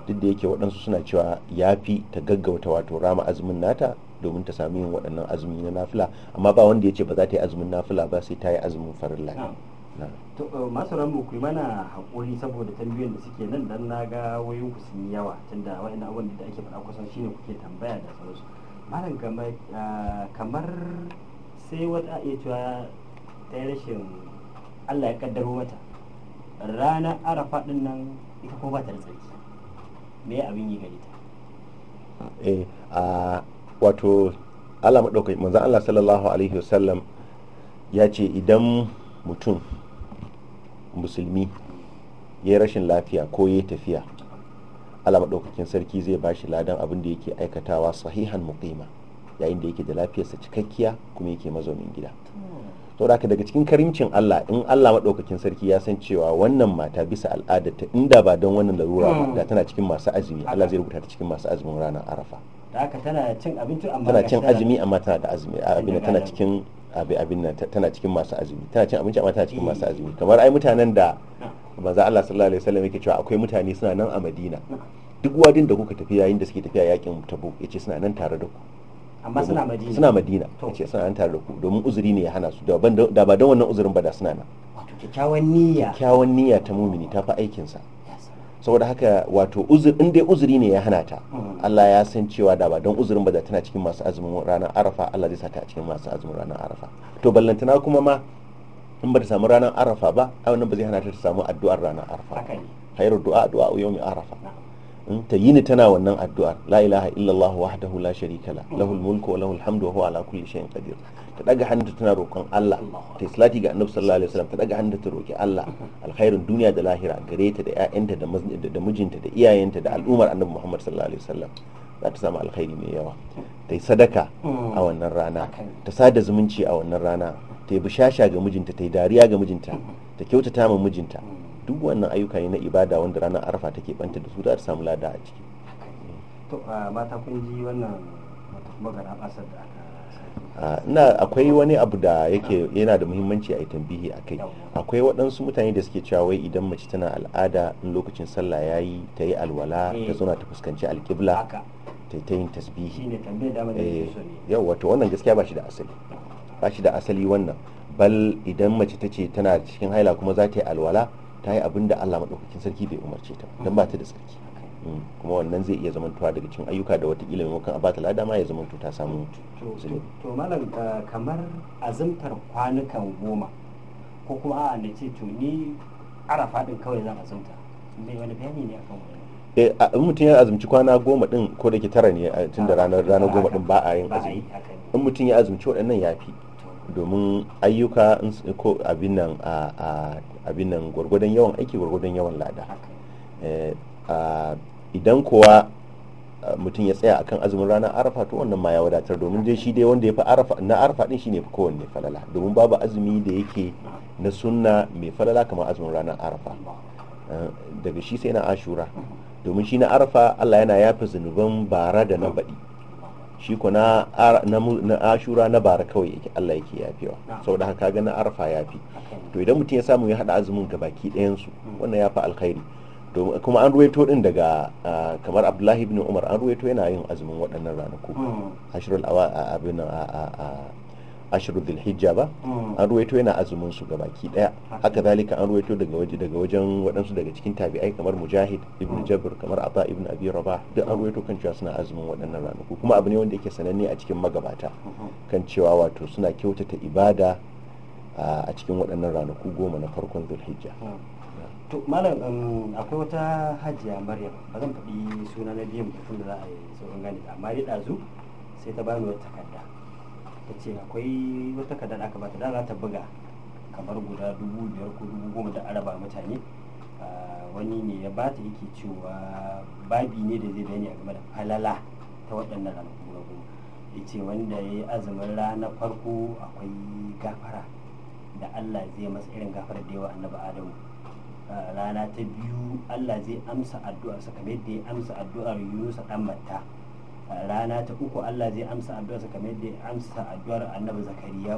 duk da yake waɗansu suna cewa ya fi ta gaggauta wato rama azumin nata domin ta sami yin waɗannan azumi na nafila amma ba wanda ya ce ba za ta yi azumin nafila ba sai ta yi azumin farin lafi eh, masu ramu kuma mana haƙuri saboda tambayoyin da suke nan dan na ga wayoyin ku sun yawa tunda wa'annan abubuwan da ake faɗa kusan shine kuke tambaya da sauransu malam kamar eh, sai wata iya cewa ta rashin Allah ya kaddaro mata ranar arafa din nan ita ko ba ta da tsarki me abin yi gari ta eh a wato Allah madaukai manzo Allah sallallahu alaihi wasallam ya ce idan mutum musulmi ya yi rashin lafiya ko ya tafiya Allah madaukakin sarki zai ba shi ladan abin da yake aikatawa sahihan muqima yayin da yake da lafiyarsa cikakkiya kuma yake mazaunin gida hmm. saboda da daga cikin karimcin Allah in Allah maɗaukakin sarki ya san cewa wannan mata bisa al'ada ta inda ba don wannan larura ba da tana cikin masu azumi Allah zai rubuta ta cikin masu azumin ranar Arafa haka tana cin abinci amma tana cin azumi amma tana da azumi abin tana cikin abin abin tana cikin masu azumi tana cin abinci amma tana cikin masu azumi kamar ai mutanen da manzo Allah sallallahu alaihi wasallam yake cewa akwai mutane suna nan a Madina duk wadin da kuka tafi yayin da suke tafiya yakin Tabuk yace suna nan tare da ku amma suna madina suna madina ce suna an tare da ku domin uzuri ne ya hana su da ba don wannan uzurin ba da suna nan wato kyakkyawan niyya kyakkyawan niyya ta mumini ta fi aikin sa saboda haka wato uzuri in dai uzuri ne ya hana ta mm. Allah ya san cewa da ba don uzurin ba da tana cikin masu azumin ranar arafa Allah zai sa ta a cikin masu azumin ranar arafa to ballantana kuma ma in ba ta samu ranar arafa ba a wannan ba zai hana ta ta samu addu'ar ranar arafa khairu du'a du'a yawmi arafa Hmm? ta yini tana wannan addu'ar la ilaha illallah wahdahu la sharika la lahul mulku wa lahul hamdu wa huwa ala kulli shay'in qadir ta daga hannunta tana roƙon Allah ta islati ga annabi sallallahu alaihi wasallam ta daga hannunta ta roƙi Allah alkhairin duniya da lahira gare ta da ƴaƴanta da mijinta da iyayenta da al'ummar annabi Muhammad sallallahu alaihi wasallam za ta samu alkhairi mai yawa ta yi sadaka a wannan rana ta sada zumunci a wannan rana ta yi bishasha ga mijinta ta yi dariya ga mijinta ta kyautata ma mijinta duk wannan ayyuka ne na ibada wanda ranar arafa take banta da su za ta samu lada a ciki to mata kun ji wannan magana basar da aka na akwai wani abu da yake yana da muhimmanci a yi tambihi a kai akwai waɗansu mutane da suke cewa wai idan mace tana al'ada in lokacin sallah ya yi ta yi alwala ta eh. zauna ta fuskanci alƙibla ta ta yin tasbihi yau eh, wato wannan gaskiya ba shi da asali ba shi da asali wannan bal idan mace ta ce tana cikin haila kuma za ta yi alwala ta yi abin da Allah maɗaukakin sarki bai umarce ta don ba ta da tsarki mm. kuma wannan zai iya zamantowa daga cikin ayyuka da wata ilimin maimakon abata lada ma ya zamanto ta samu zunubi to malam uh, kamar azumtar kwanukan goma ko kuma a na ce to ni arafa din kawai zan azumta mai wani bayani ne akan wannan eh, in mutum ya azumci kwana goma din ko da ke tara ne tun da ah, ranar ranar goma din ba a yin azumi in mutum ya azumci waɗannan ya fi domin ayyuka ko abin nan a abin nan gwargwadon yawan aiki gwargwadon yawan lada eh, idan kowa mutum ya tsaya akan azumin ranar arafa to wannan ma ya wadatar domin dai shi dai wanda ya fi arafa na arafa din shine fi kowanne falala domin babu azumi da yake na sunna mai falala kamar azumin ranar arafa eh, daga shi sai na ashura domin shi na arafa Allah yana yafe zunuban bara da na baɗi shi ku na ashura na bara kawai yake Allah yake yafewa saboda haka ga na arfa yafi to idan mutum ya samu ya hada azumin ga baki ɗayan su wannan yafi alkhairi alkhairi kuma an ruwaito din daga kamar Abdullahi ibn Umar an ruwaito yana yin azumin waɗannan ranaku hmm. ashirul awa abin a ashiru hijja ba mm. an ruwaito yana azumin su ga baki daya haka zalika an ruwaito daga waje daga wajen waɗansu daga cikin tabi'ai kamar mujahid ibnu mm. jabir kamar ata ibn abi rabah duk an mm. ruwaito kan cewa suna azumin waɗannan ranaku kuma abu ne wanda yake sananne a cikin magabata mm-hmm. kan cewa wato suna kyautata ibada a cikin waɗannan ranaku goma na farkon zulhijja to malam um, akwai wata hajiya maryam ba zan faɗi suna na biyan mutum da za a yi sauran gani amma dai ɗazu sai ta bani wata takarda ta ce akwai wata kadar aka bata da za ta buga kamar guda dubu biyar ko dubu goma da araba mutane ah, wani ne ya bata yake cewa babi ne da zai bayani a game da falala ta waɗannan ranaku goma ya ce wanda ya yi azumin ranar farko akwai gafara da allah zai masa irin gafara da yawa annabi adamu ah, rana ta biyu allah zai amsa addu'arsa kamar yadda ya amsa addu'ar yunusa dan matta rana ta uku Allah zai amsa addu'arsa kamar yadda ya amsa addu'ar annabi zakariya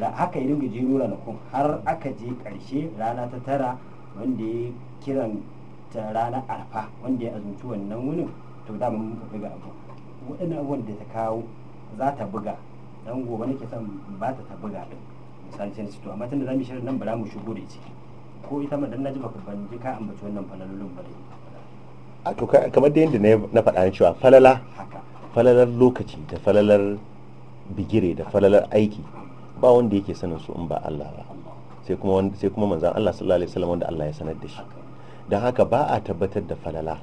haka ya dinga jero ranakun har aka je karshe rana ta tara wanda ya kiran ta rana arfa wanda ya azumci wannan wunin to da mun buga abu waɗannan abubuwan da ta kawo za ta buga dan gobe nake son ba ta buga din misali sai to amma tunda zamu shirin nan ba za mu shigo da ciki ko ita ma dan ba ku ban ji ka ambaci wannan falalolin ba dai kamar da yadda na faɗa cewa falala falalar lokaci da falalar bigire da falalar aiki ba wanda yake sanin su in ba Allah ba sai kuma sai kuma manzon Allah sallallahu alaihi wasallam wanda Allah ya sanar da shi dan haka ba a tabbatar da falala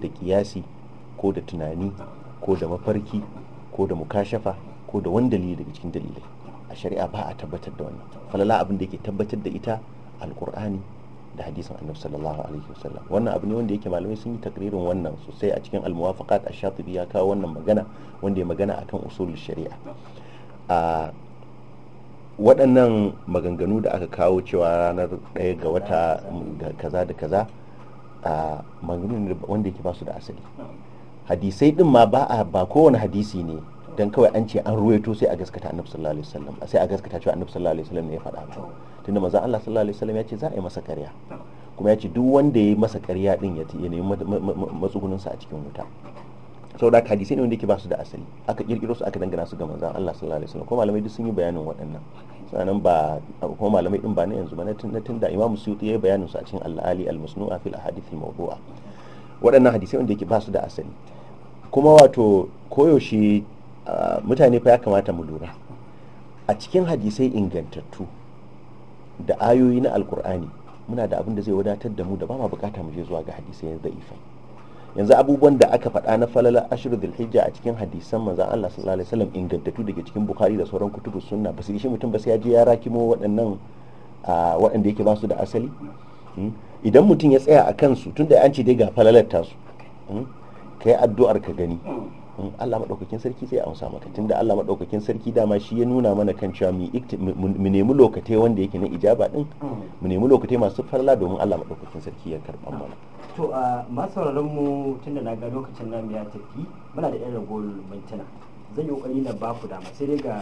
da kiyasi ko da tunani ko da mafarki ko da mukashafa ko da wanda dalili daga cikin dalilai a shari'a ba a tabbatar da wannan falala abin da yake tabbatar da ita alkur'ani da hadisin annabi sallallahu alaihi wasallam wannan abu ne wanda yake malamai sun yi takririn wannan sosai a cikin almuwafaqat ash-shatibi ya kawo wannan magana wanda ya magana akan usulul shari'a a waɗannan maganganu da aka kawo cewa ranar ɗaya ga wata ga kaza da kaza a maganganu wanda yake ba su da asali hadisai din ma ba a ba kowane hadisi ne dan kawai an ce an ruwaito sai a gaskata annabi sallallahu alaihi wasallam sai a gaskata cewa annabi sallallahu alaihi wasallam ne ya faɗa ba tunda manzo Allah sallallahu alaihi wasallam ya ce za a yi masa ƙarya kuma ya ce duk wanda ya yi masa ƙarya din ya tiye ne matsugunin sa a cikin wuta saboda hadisi ne wanda yake ba su da asali aka kirkiro su aka dangana su ga manzo Allah sallallahu alaihi wasallam kuma malamai duk sun yi bayanin waɗannan sanan ba kuma malamai din ba ne yanzu ba na tunda imamu Suyuti ya yi bayanin su a cikin Al-Ali Al-Musnu'a fil Ahadith Mawdu'a waɗannan hadisi wanda yake ba su da asali kuma wato koyaushe mutane fa ya kamata mu lura a cikin hadisai ingantattu da ayoyi na alkur'ani muna da abin da zai wadatar da mu da ba ma bukata mu je zuwa ga hadisai yanzu ifa yanzu abubuwan da aka faɗa na falala ashiru dhulhijja a cikin hadisan manzon Allah sallallahu alaihi wasallam ingantattu daga cikin bukhari da sauran kutubu sunna ba su shi mutum ba sai ya je ya rakimo waɗannan waɗanda yake ba su da asali hmm? idan mutum ya tsaya a kansu tunda an ce dai ga falalar tasu hmm? kai addu'ar ka gani in Allah maɗaukakin sarki sai amsa maka da Allah maɗaukakin sarki dama shi ya nuna mana kan cewa mu nemi lokatai wanda yake na ijaba din mm. mu nemi lokatai masu farla domin Allah maɗaukakin sarki ya karɓa mana to a masauraran mu da na ga lokacin nan ya tafi muna da ɗan ragowar mintuna zan yi kokari na baku dama sai dai ga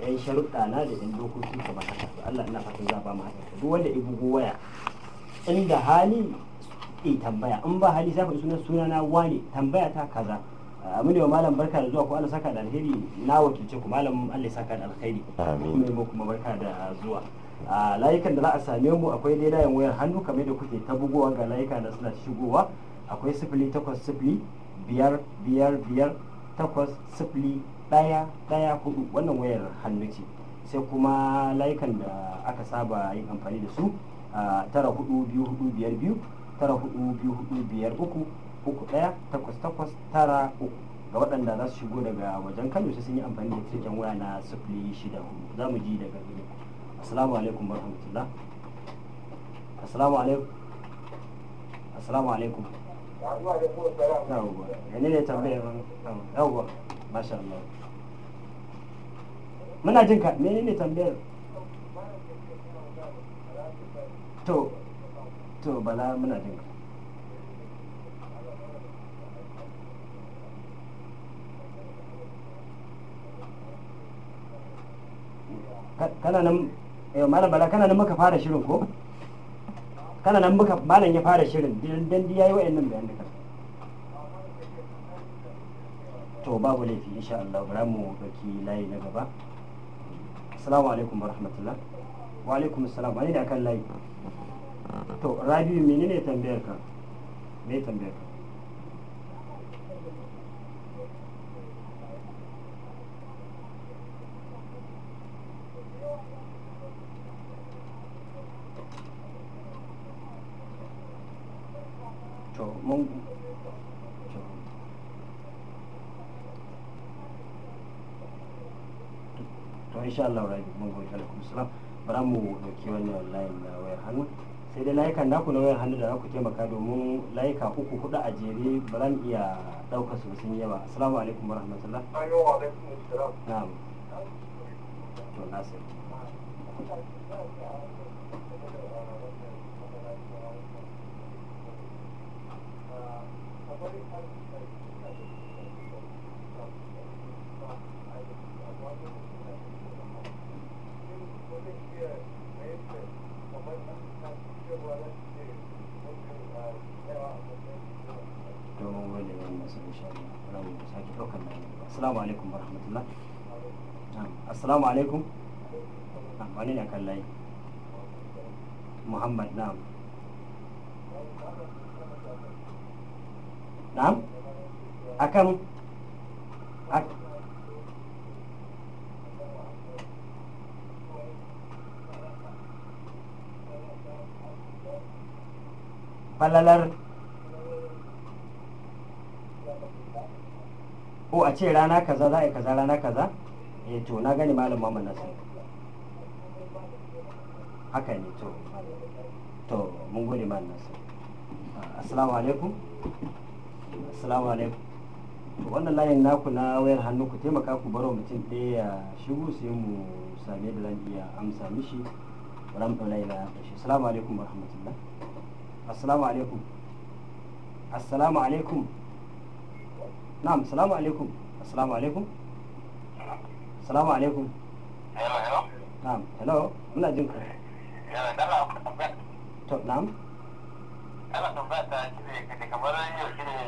ƴan sharuɗa na da ƴan dokoki kamar haka Allah ina fatan za ba mu haka duk wanda ya bugu waya inda hali eh tambaya in ba hali sai ku suna sunana wane tambaya ta kaza amin wa malam barka da zuwa ko Allah saka da alheri na wakilce ku malam Allah saka da alheri amin mu kuma barka da zuwa a layukan da za a same mu akwai dai layin wayar hannu kamar da kuke ta bugowa ga layuka da suna shigowa akwai sifili takwas sifili biyar biyar biyar takwas sifili ɗaya ɗaya hudu wannan wayar hannu ce sai kuma layukan da aka saba yin amfani da su tara hudu biyu hudu biyar biyu tara hudu biyu hudu biyar uku uku ɗaya takwas takwas tara uku ga waɗanda za su shigo daga wajen kano sai sun yi amfani da tirken waya na sifili shida hudu za mu ji daga gare assalamu alaikum barhamtullah assalamu alaikum assalamu alaikum yawwa ne ne tambayar yawwa masha Allah muna jin ka ne tambayar to to bala muna jin ka kana nan eh, malam bala kana nan muka fara shirin ko kana nan muka malam ya fara shirin dan ya yi wa'annan bayan da kasa to babu laifi insha Allah bara mu baki layi na gaba assalamu alaikum warahmatullah wa alaikum assalam wani da akan layi to Rabi menene tambayar ka me tambayar ka ɗauki wannan layin na wayar hannu sai dai na naku na wayar hannu da za ku taimaka domin layuka uku hudu a jere ba iya ɗauka su sun yawa assalamu alaikum wa rahmatullah assalamu alaikum wani ne kan layi muhammad na'am na'am akan falalar ko a ce rana kaza za a yi kaza rana kaza ya eh, to na gani malam Muhammad Nasir haka ne to to mun gode malam Nasir ah, assalamu alaikum assalamu alaikum to wannan layin naku na wayar hannu ku taimaka ku baro mutum ɗaya ya shigo sai mu same da zan iya amsa mishi ran layi na shi assalamu alaikum rahmatullah assalamu alaikum assalamu alaikum na'am assalamu alaikum assalamu alaikum Salamu alaikum. Hello, hello. Na'am, hello. Muna jin ku. To, na'am. Ana ta shi ne kamar yau yaushe ne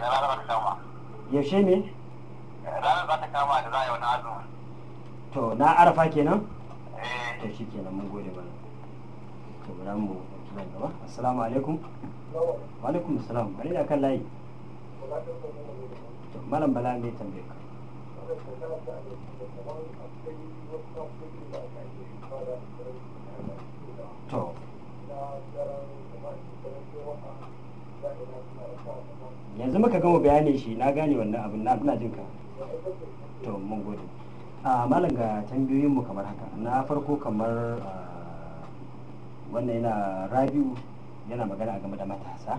ranar ba ta kama. Yaushe ne? Ranar ba ta kama da za a yi wani azu. To, na arafa kenan? Eh. To, shi kenan mun gode mana. To, ran mu kiran gaba. Assalamu alaikum. Wa alaikum assalam. Bari da kan layi. Malam Bala ne tambaye ka. yanzu muka gama bayanin shi na gane wannan abin na ina jin to mun gode a malam ga tambayoyin mu kamar haka na farko kamar wannan yana rabiu yana magana game da matasa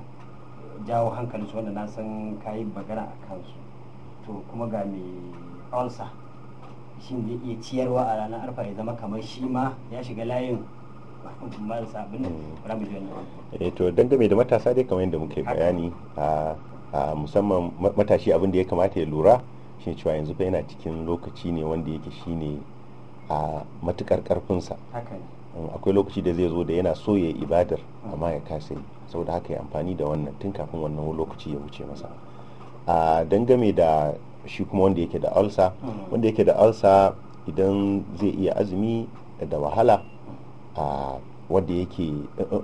jawo hankalinsu wanda na san kayi magana a kansu to kuma ga mai rawansa shi zai iya ciyarwa a ranar arfa ya zama kamar shi ma ya shiga layin [LAUGHS] marasa abin da hmm. eh, to da matasa dai kamar yadda muke bayani a musamman matashi abin da ya kamata ya lura shi cewa yanzu fa yana cikin lokaci ne wanda yake ne a matukar karfinsa akwai lokaci da zai zo da yana so ya yi ibadar hmm. amma ya kasa yi saboda haka ya amfani da wannan tun kafin wannan lokaci ya wuce masa a dangame da shi kuma wanda yake da ulcer wanda yake da ulcer idan zai iya azumi da wahala a wanda yake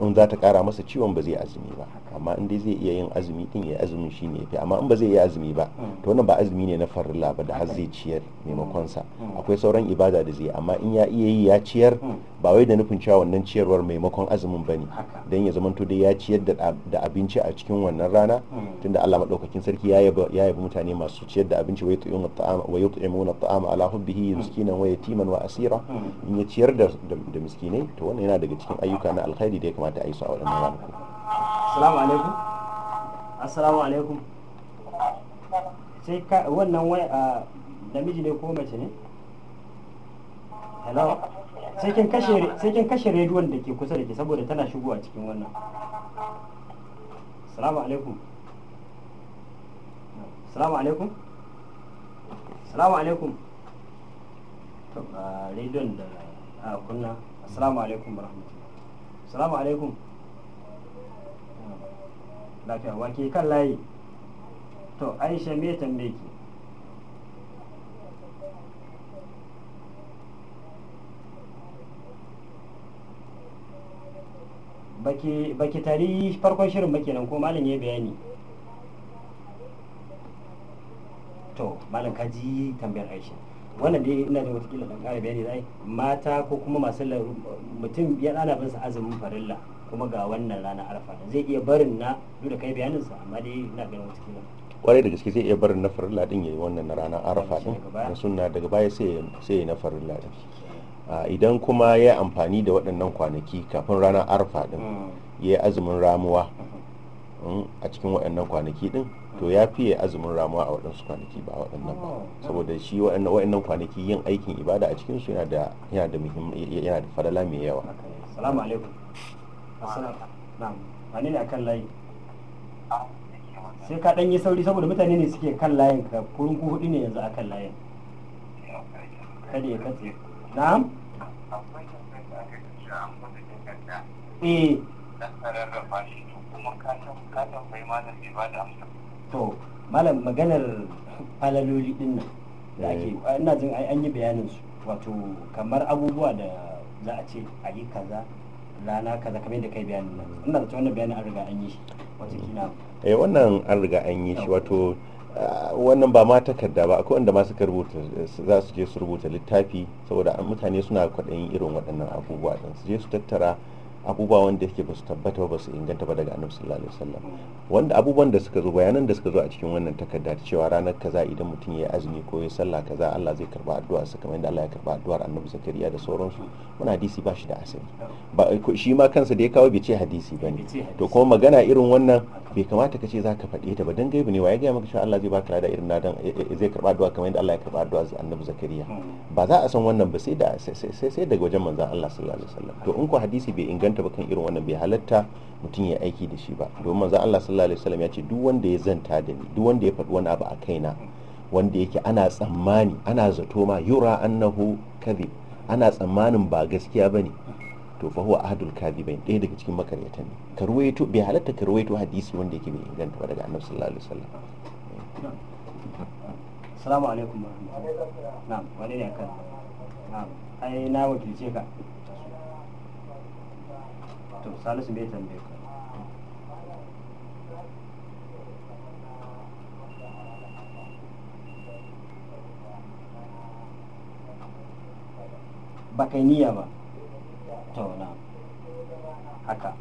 in za ta kara masa ciwon ba zai azumi ba amma in zai iya yin azumi in ya azumin shi ne yafi amma in ba zai yi azumi ba to wannan ba azumi ne na farilla ba da har zai ciyar maimakon sa mm. akwai sauran ibada da zai amma in ya iya yi ya ciyar mm. ba wai da nufin cewa wannan ciyarwar maimakon azumin bane dan ya zamanto dai ya ciyar da abinci a cikin wannan rana hmm. tunda Allah madaukakin sarki ya yaba ya yaba mutane masu ciyar da abinci wa yut'imuna at'ama wa yut'imuna ta'ama ala hubbihi hmm. miskinan wa yatiman wa asira hmm. in ya ciyar da da miskinai to wannan yana daga cikin ayyuka na alkhairi da ya kamata a yi su a wannan rana assalamu alaikum assalamu alaikum sai wannan wai a namiji ne ko mace ne hello sai kin kashe rediyon da ke kusa da ke saboda tana shigo a cikin wannan salamu alaikum salamu alaikum salamu alaikum to rediyon da a kunna salamu alaikum warahmatullahi salamu alaikum lafiya wake kan layi to aisha me tambaye ki baki tari farkon shirin ba kenan ko malam ya bayani to malam kaji tambayar aisha wannan dai ina da watakila dan ƙara bayani zai mata ko kuma masu mutum ya dana bin sa azumin farilla kuma ga wannan rana arfa zai iya barin na duk da kai bayanin sa amma dai ina ganin watakila kwarai da gaske zai iya barin na farilla din yayi wannan na ranar arfa din na sunna daga baya sai sai na farilla din idan kuma ya amfani da waɗannan kwanaki kafin ranar arfa din mm. ya yi azumin ramuwa mm-hmm. mm, a cikin waɗannan kwanaki din to ya fiye azumin ramuwa a waɗansu kwanaki ba a waɗannan ba oh, saboda shi waɗannan kwanaki yin aikin ibada a cikin su yana da yana da yana da mai yawa assalamu alaikum assalamu ne akan layi sai ka ɗan yi sauri saboda mutane ne suke kan layin ka kurun ku hudu ne yanzu akan layin kada ya katse na'am eh dan rarrafa shi kuma ka ka tambayi ba da amsa to malam maganar falaloli din nan da ake eh. ina jin an yi bayanin su wato kamar abubuwa da za a ce a yi kaza rana kaza kamar da kai bayanin nan ina da wannan bayanin an riga an yi shi wato kina eh wannan an riga an yi shi wato wannan ba ma takarda ba akwai wanda ma suka rubuta za su je su rubuta littafi saboda mutane suna kwaɗayin irin waɗannan abubuwa su je su tattara abubuwa wanda yake ba su tabbata ba su inganta ba daga annabi sallallahu alaihi wasallam wanda abubuwan da suka zo bayanan da suka zo a cikin wannan takarda cewa ranar kaza idan mutum ya azumi ko ya sallah kaza Allah zai karba addu'a sa kamar yadda Allah ya karba addu'ar annabi zakariya da sauransu wani hadisi ba shi da asali ba shi ma kansa da ya kawo bai ce hadisi bane to kuma magana irin wannan bai kamata ka ce za ka faɗe ta ba dan gaibi ne wa ya gaya maka cewa Allah zai baka lada irin nan eh, eh, zai karba addu'a kamar yadda Allah ya karba addu'a annabi zakariya hmm. ba za a san wannan ba sai da sai daga wajen manzon Allah sallallahu alaihi wasallam to in ko hadisi bai inganta zanta ba kan irin wannan bai halatta mutum ya aiki da shi ba domin manzon Allah sallallahu alaihi wasallam ya ce duk wanda ya zanta da ni duk wanda ya faɗi wani abu a kaina wanda yake ana tsammani ana zato ma yura annahu kadhib ana tsammanin ba gaskiya bane to fa huwa ahdul kadhibain ɗaya daga cikin makaryatan ne karwaito bai halatta karwaito hadisi wanda yake bai inganta ba daga annabi sallallahu alaihi wasallam assalamu alaikum na'am wani ne akan na'am ai na wakilce ka to salisu bai tambaye ku ba kai niyya ba to na haka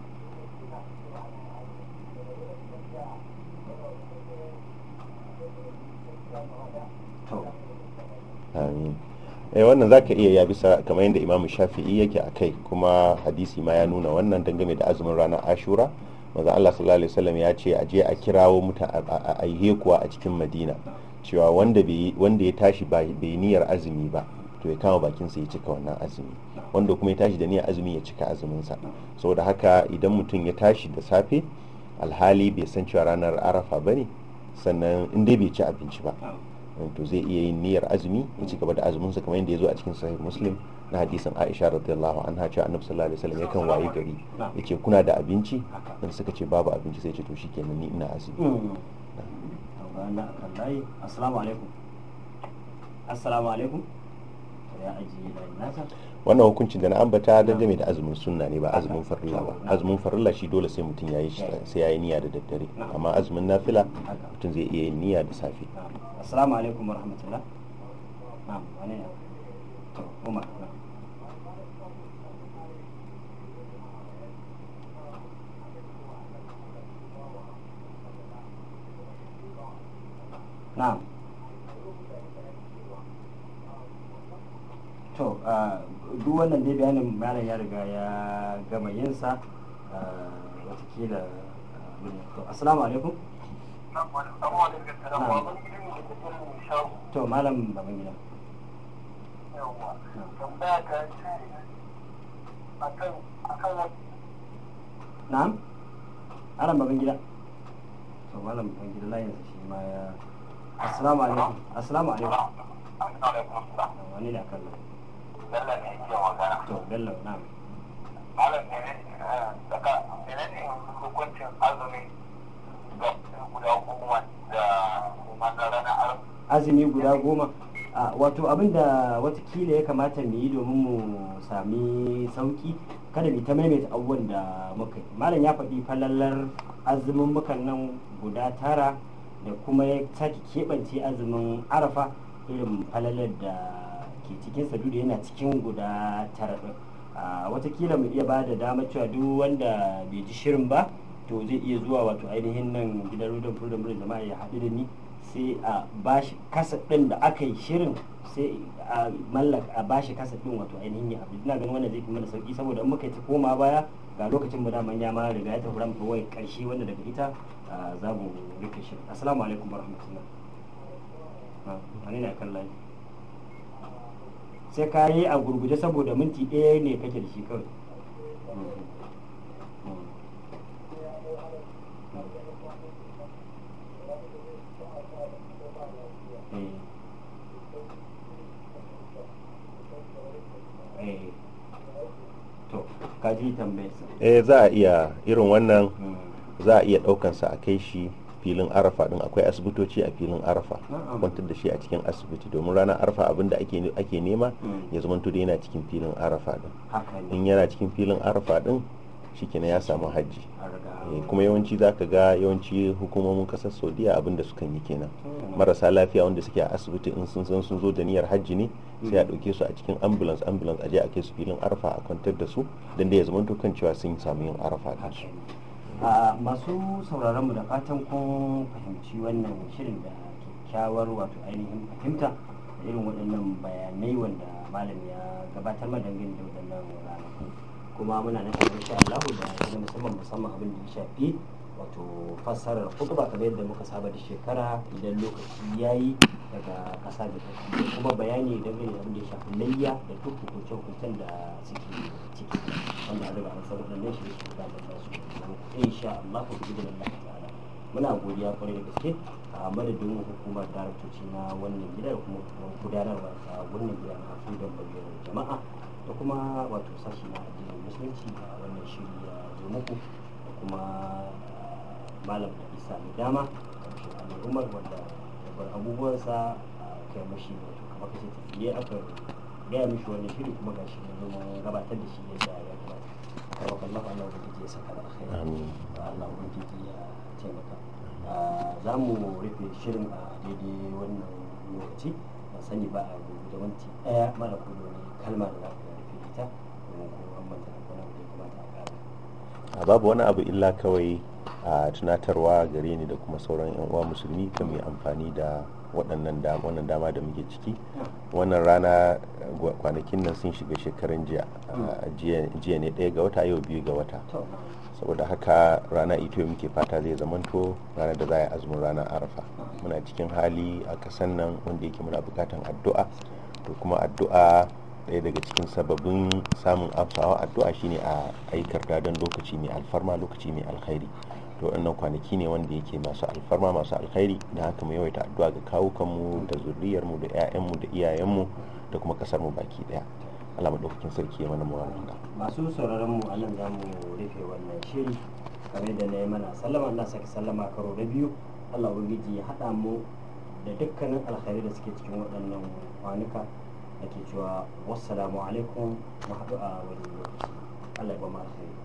to amin eh wannan zaka iya ya bisa kamar yadda imam shafi'i yake a kai kuma hadisi ma ya nuna wannan dangane da azumin ranar ashura maza Allah sallallahu alaihi wasallam ya ce aje a kirawo muta a yi a cikin madina cewa wanda ya tashi bai niyyar azumi ba to ya kama bakin sa ya cika wannan azumi wanda kuma ya tashi da niyyar azumi ya cika azumin sa saboda haka idan mutum ya tashi da safe alhali bai san cewa ranar arafa bane sannan in dai bai ci abinci ba to zai iya yin niyyar azumi ya ci gaba da azumin sa kamar yadda ya zo a cikin sahih muslim na hadisin aisha radiyallahu anha cewa annabi sallallahu alaihi wasallam yakan waye gari yace kuna da abinci dan suka ce babu abinci sai ce to shikenan ni ina azumi mm. assalamu alaikum assalamu alaikum ya ajiye nasa wannan hukuncin da na ambata don jami da azumin sunna ne ba azumin farilla ba azumin farilla shi dole sai mutum ya yi sai ya yi niyya da daddare amma azumin nafila mutum zai iya yin niyya da safe assalamu alaikum warahmatullah na'am wani na'am to uh, duk wannan dai bayanin malam ya riga ya gama yin sa ah, watakila ah, to assalamu alaikum to malam baban gida assalamu alaikum assalamu alaikum wani da kallon azumi guda goma da wato abin da watakila ya kamata mu yi domin mu sami sauki kada mu ta maimaita abubuwan da muka malam ya faɗi falalar azumin mukan nan guda tara da kuma ya sake keɓance azumin arafa irin falalar da ke cikinsa duk yana cikin guda tara ɗin watakila mu iya ba da dama cewa duk wanda bai ji shirin ba to zai iya zuwa wato ainihin nan gidan rudin furdin da jama'a ya haɗu da ni sai a bashi kasa ɗin da aka yi shirin sai a mallaka a bashi kasa ɗin wato ainihin ya haɗu ina ganin wannan zai fi mana sauki saboda in muka ta koma baya ga lokacin mu daman ya ma riga ya tafi ramfa wai ƙarshe wanda daga ita za mu rike shirin assalamu alaikum warahmatullahi ne kan lafiya sai ka yi a gurguje saboda minti ɗaya ne kake da shi kawai eh, eh. eh za a iya irin wannan hmm. za a iya ɗaukansa a kai shi filin arafa din akwai asibitoci a filin arafa kwantar da shi a cikin asibiti domin ranar arafa abin da ake nema mm. ya zama da yana cikin filin arafa din in yana cikin filin arafa din shikenan ya samu hajji eh, kuma yawanci za ka ga yawanci hukumomin kasar saudiya abin da sukan yi kenan mm. marasa lafiya wanda suke a asibiti in sun san sun zo da niyyar hajji ne sai a mm. ɗauke su a cikin ambulance ambulance a je a kai su filin arafa a kwantar da su don da ya zama kan cewa sun samu yin arafa da su a masu mu da fatan kun fahimci wannan shirin da kyakkyawar wato ainihin fahimta da irin waɗannan bayanai wanda malam ya gabatar ma dangane da waɗannan ranaku kuma muna nan insha Allah da musamman musamman abin da ya shafi wato fassarar khutba kamar yadda muka saba da shekara idan lokaci ya yi daga kasa da ƙasa kuma bayani da gani abin da ya shafi layya da duk hukunce-hukuncen da suke ciki wanda a daga an san waɗannan shi su da da su sha Allah ku gudu da Allah ta'ala muna godiya kwarai da gaske a madadin hukumar daraktoci na wannan gida da kuma gudanarwa a wannan gida na Freedom bayan Jama'a da kuma wato sashi na addinin musulunci a wannan shiri ya zo muku da kuma malam isa mai dama shi a umar wanda bar abubuwansa kai mashi wato kamar kashe tafiye aka gaya mishi wani shiri kuma ga shi mun gabatar da shi yadda ya kamata kawai Allah ya saka da alkhairi amin Allah ubangiji ya taimaka za mu rufe shirin a daidai wannan lokaci sani ba a gobe da mara kudu wani kalma da za rufe ita domin kuma an manta da kuma da ya kamata a babu wani abu illa kawai a tunatarwa gare ni da kuma sauran 'yan uwa musulmi kan mai amfani da waɗannan dama da muke ciki wannan rana kwanakin nan sun shiga shekarun jiya jiya ne ɗaya ga wata yau biyu ga wata saboda haka rana ito muke fata zai zamanto rana da za a yi azumin rana arafa muna cikin hali a kasan nan wanda yake muna bukatan addu'a to kuma addu'a ɗaya daga cikin sababbin samun amsawa addu'a shine a aikar gadon lokaci mai alfarma lokaci mai alkhairi to wannan kwanaki ne wanda yake masu alfarma masu alkhairi da haka mu yawaita addu'a ga kawukanmu da zuriyarmu da 'ya'yanmu da iyayenmu da kuma kasarmu baki daya Allah madaukakin sarki ya mana muwanan da masu sauraron mu anan za mu rufe wannan shiri kamar da na yi mana sallama Allah saki sallama karo da biyu Allah ubangiji ya haɗa mu da dukkanin alkhairi da suke cikin waɗannan kwanuka ake cewa wassalamu alaikum mu haɗu a wani lokaci Allah ya ba mu alkhairi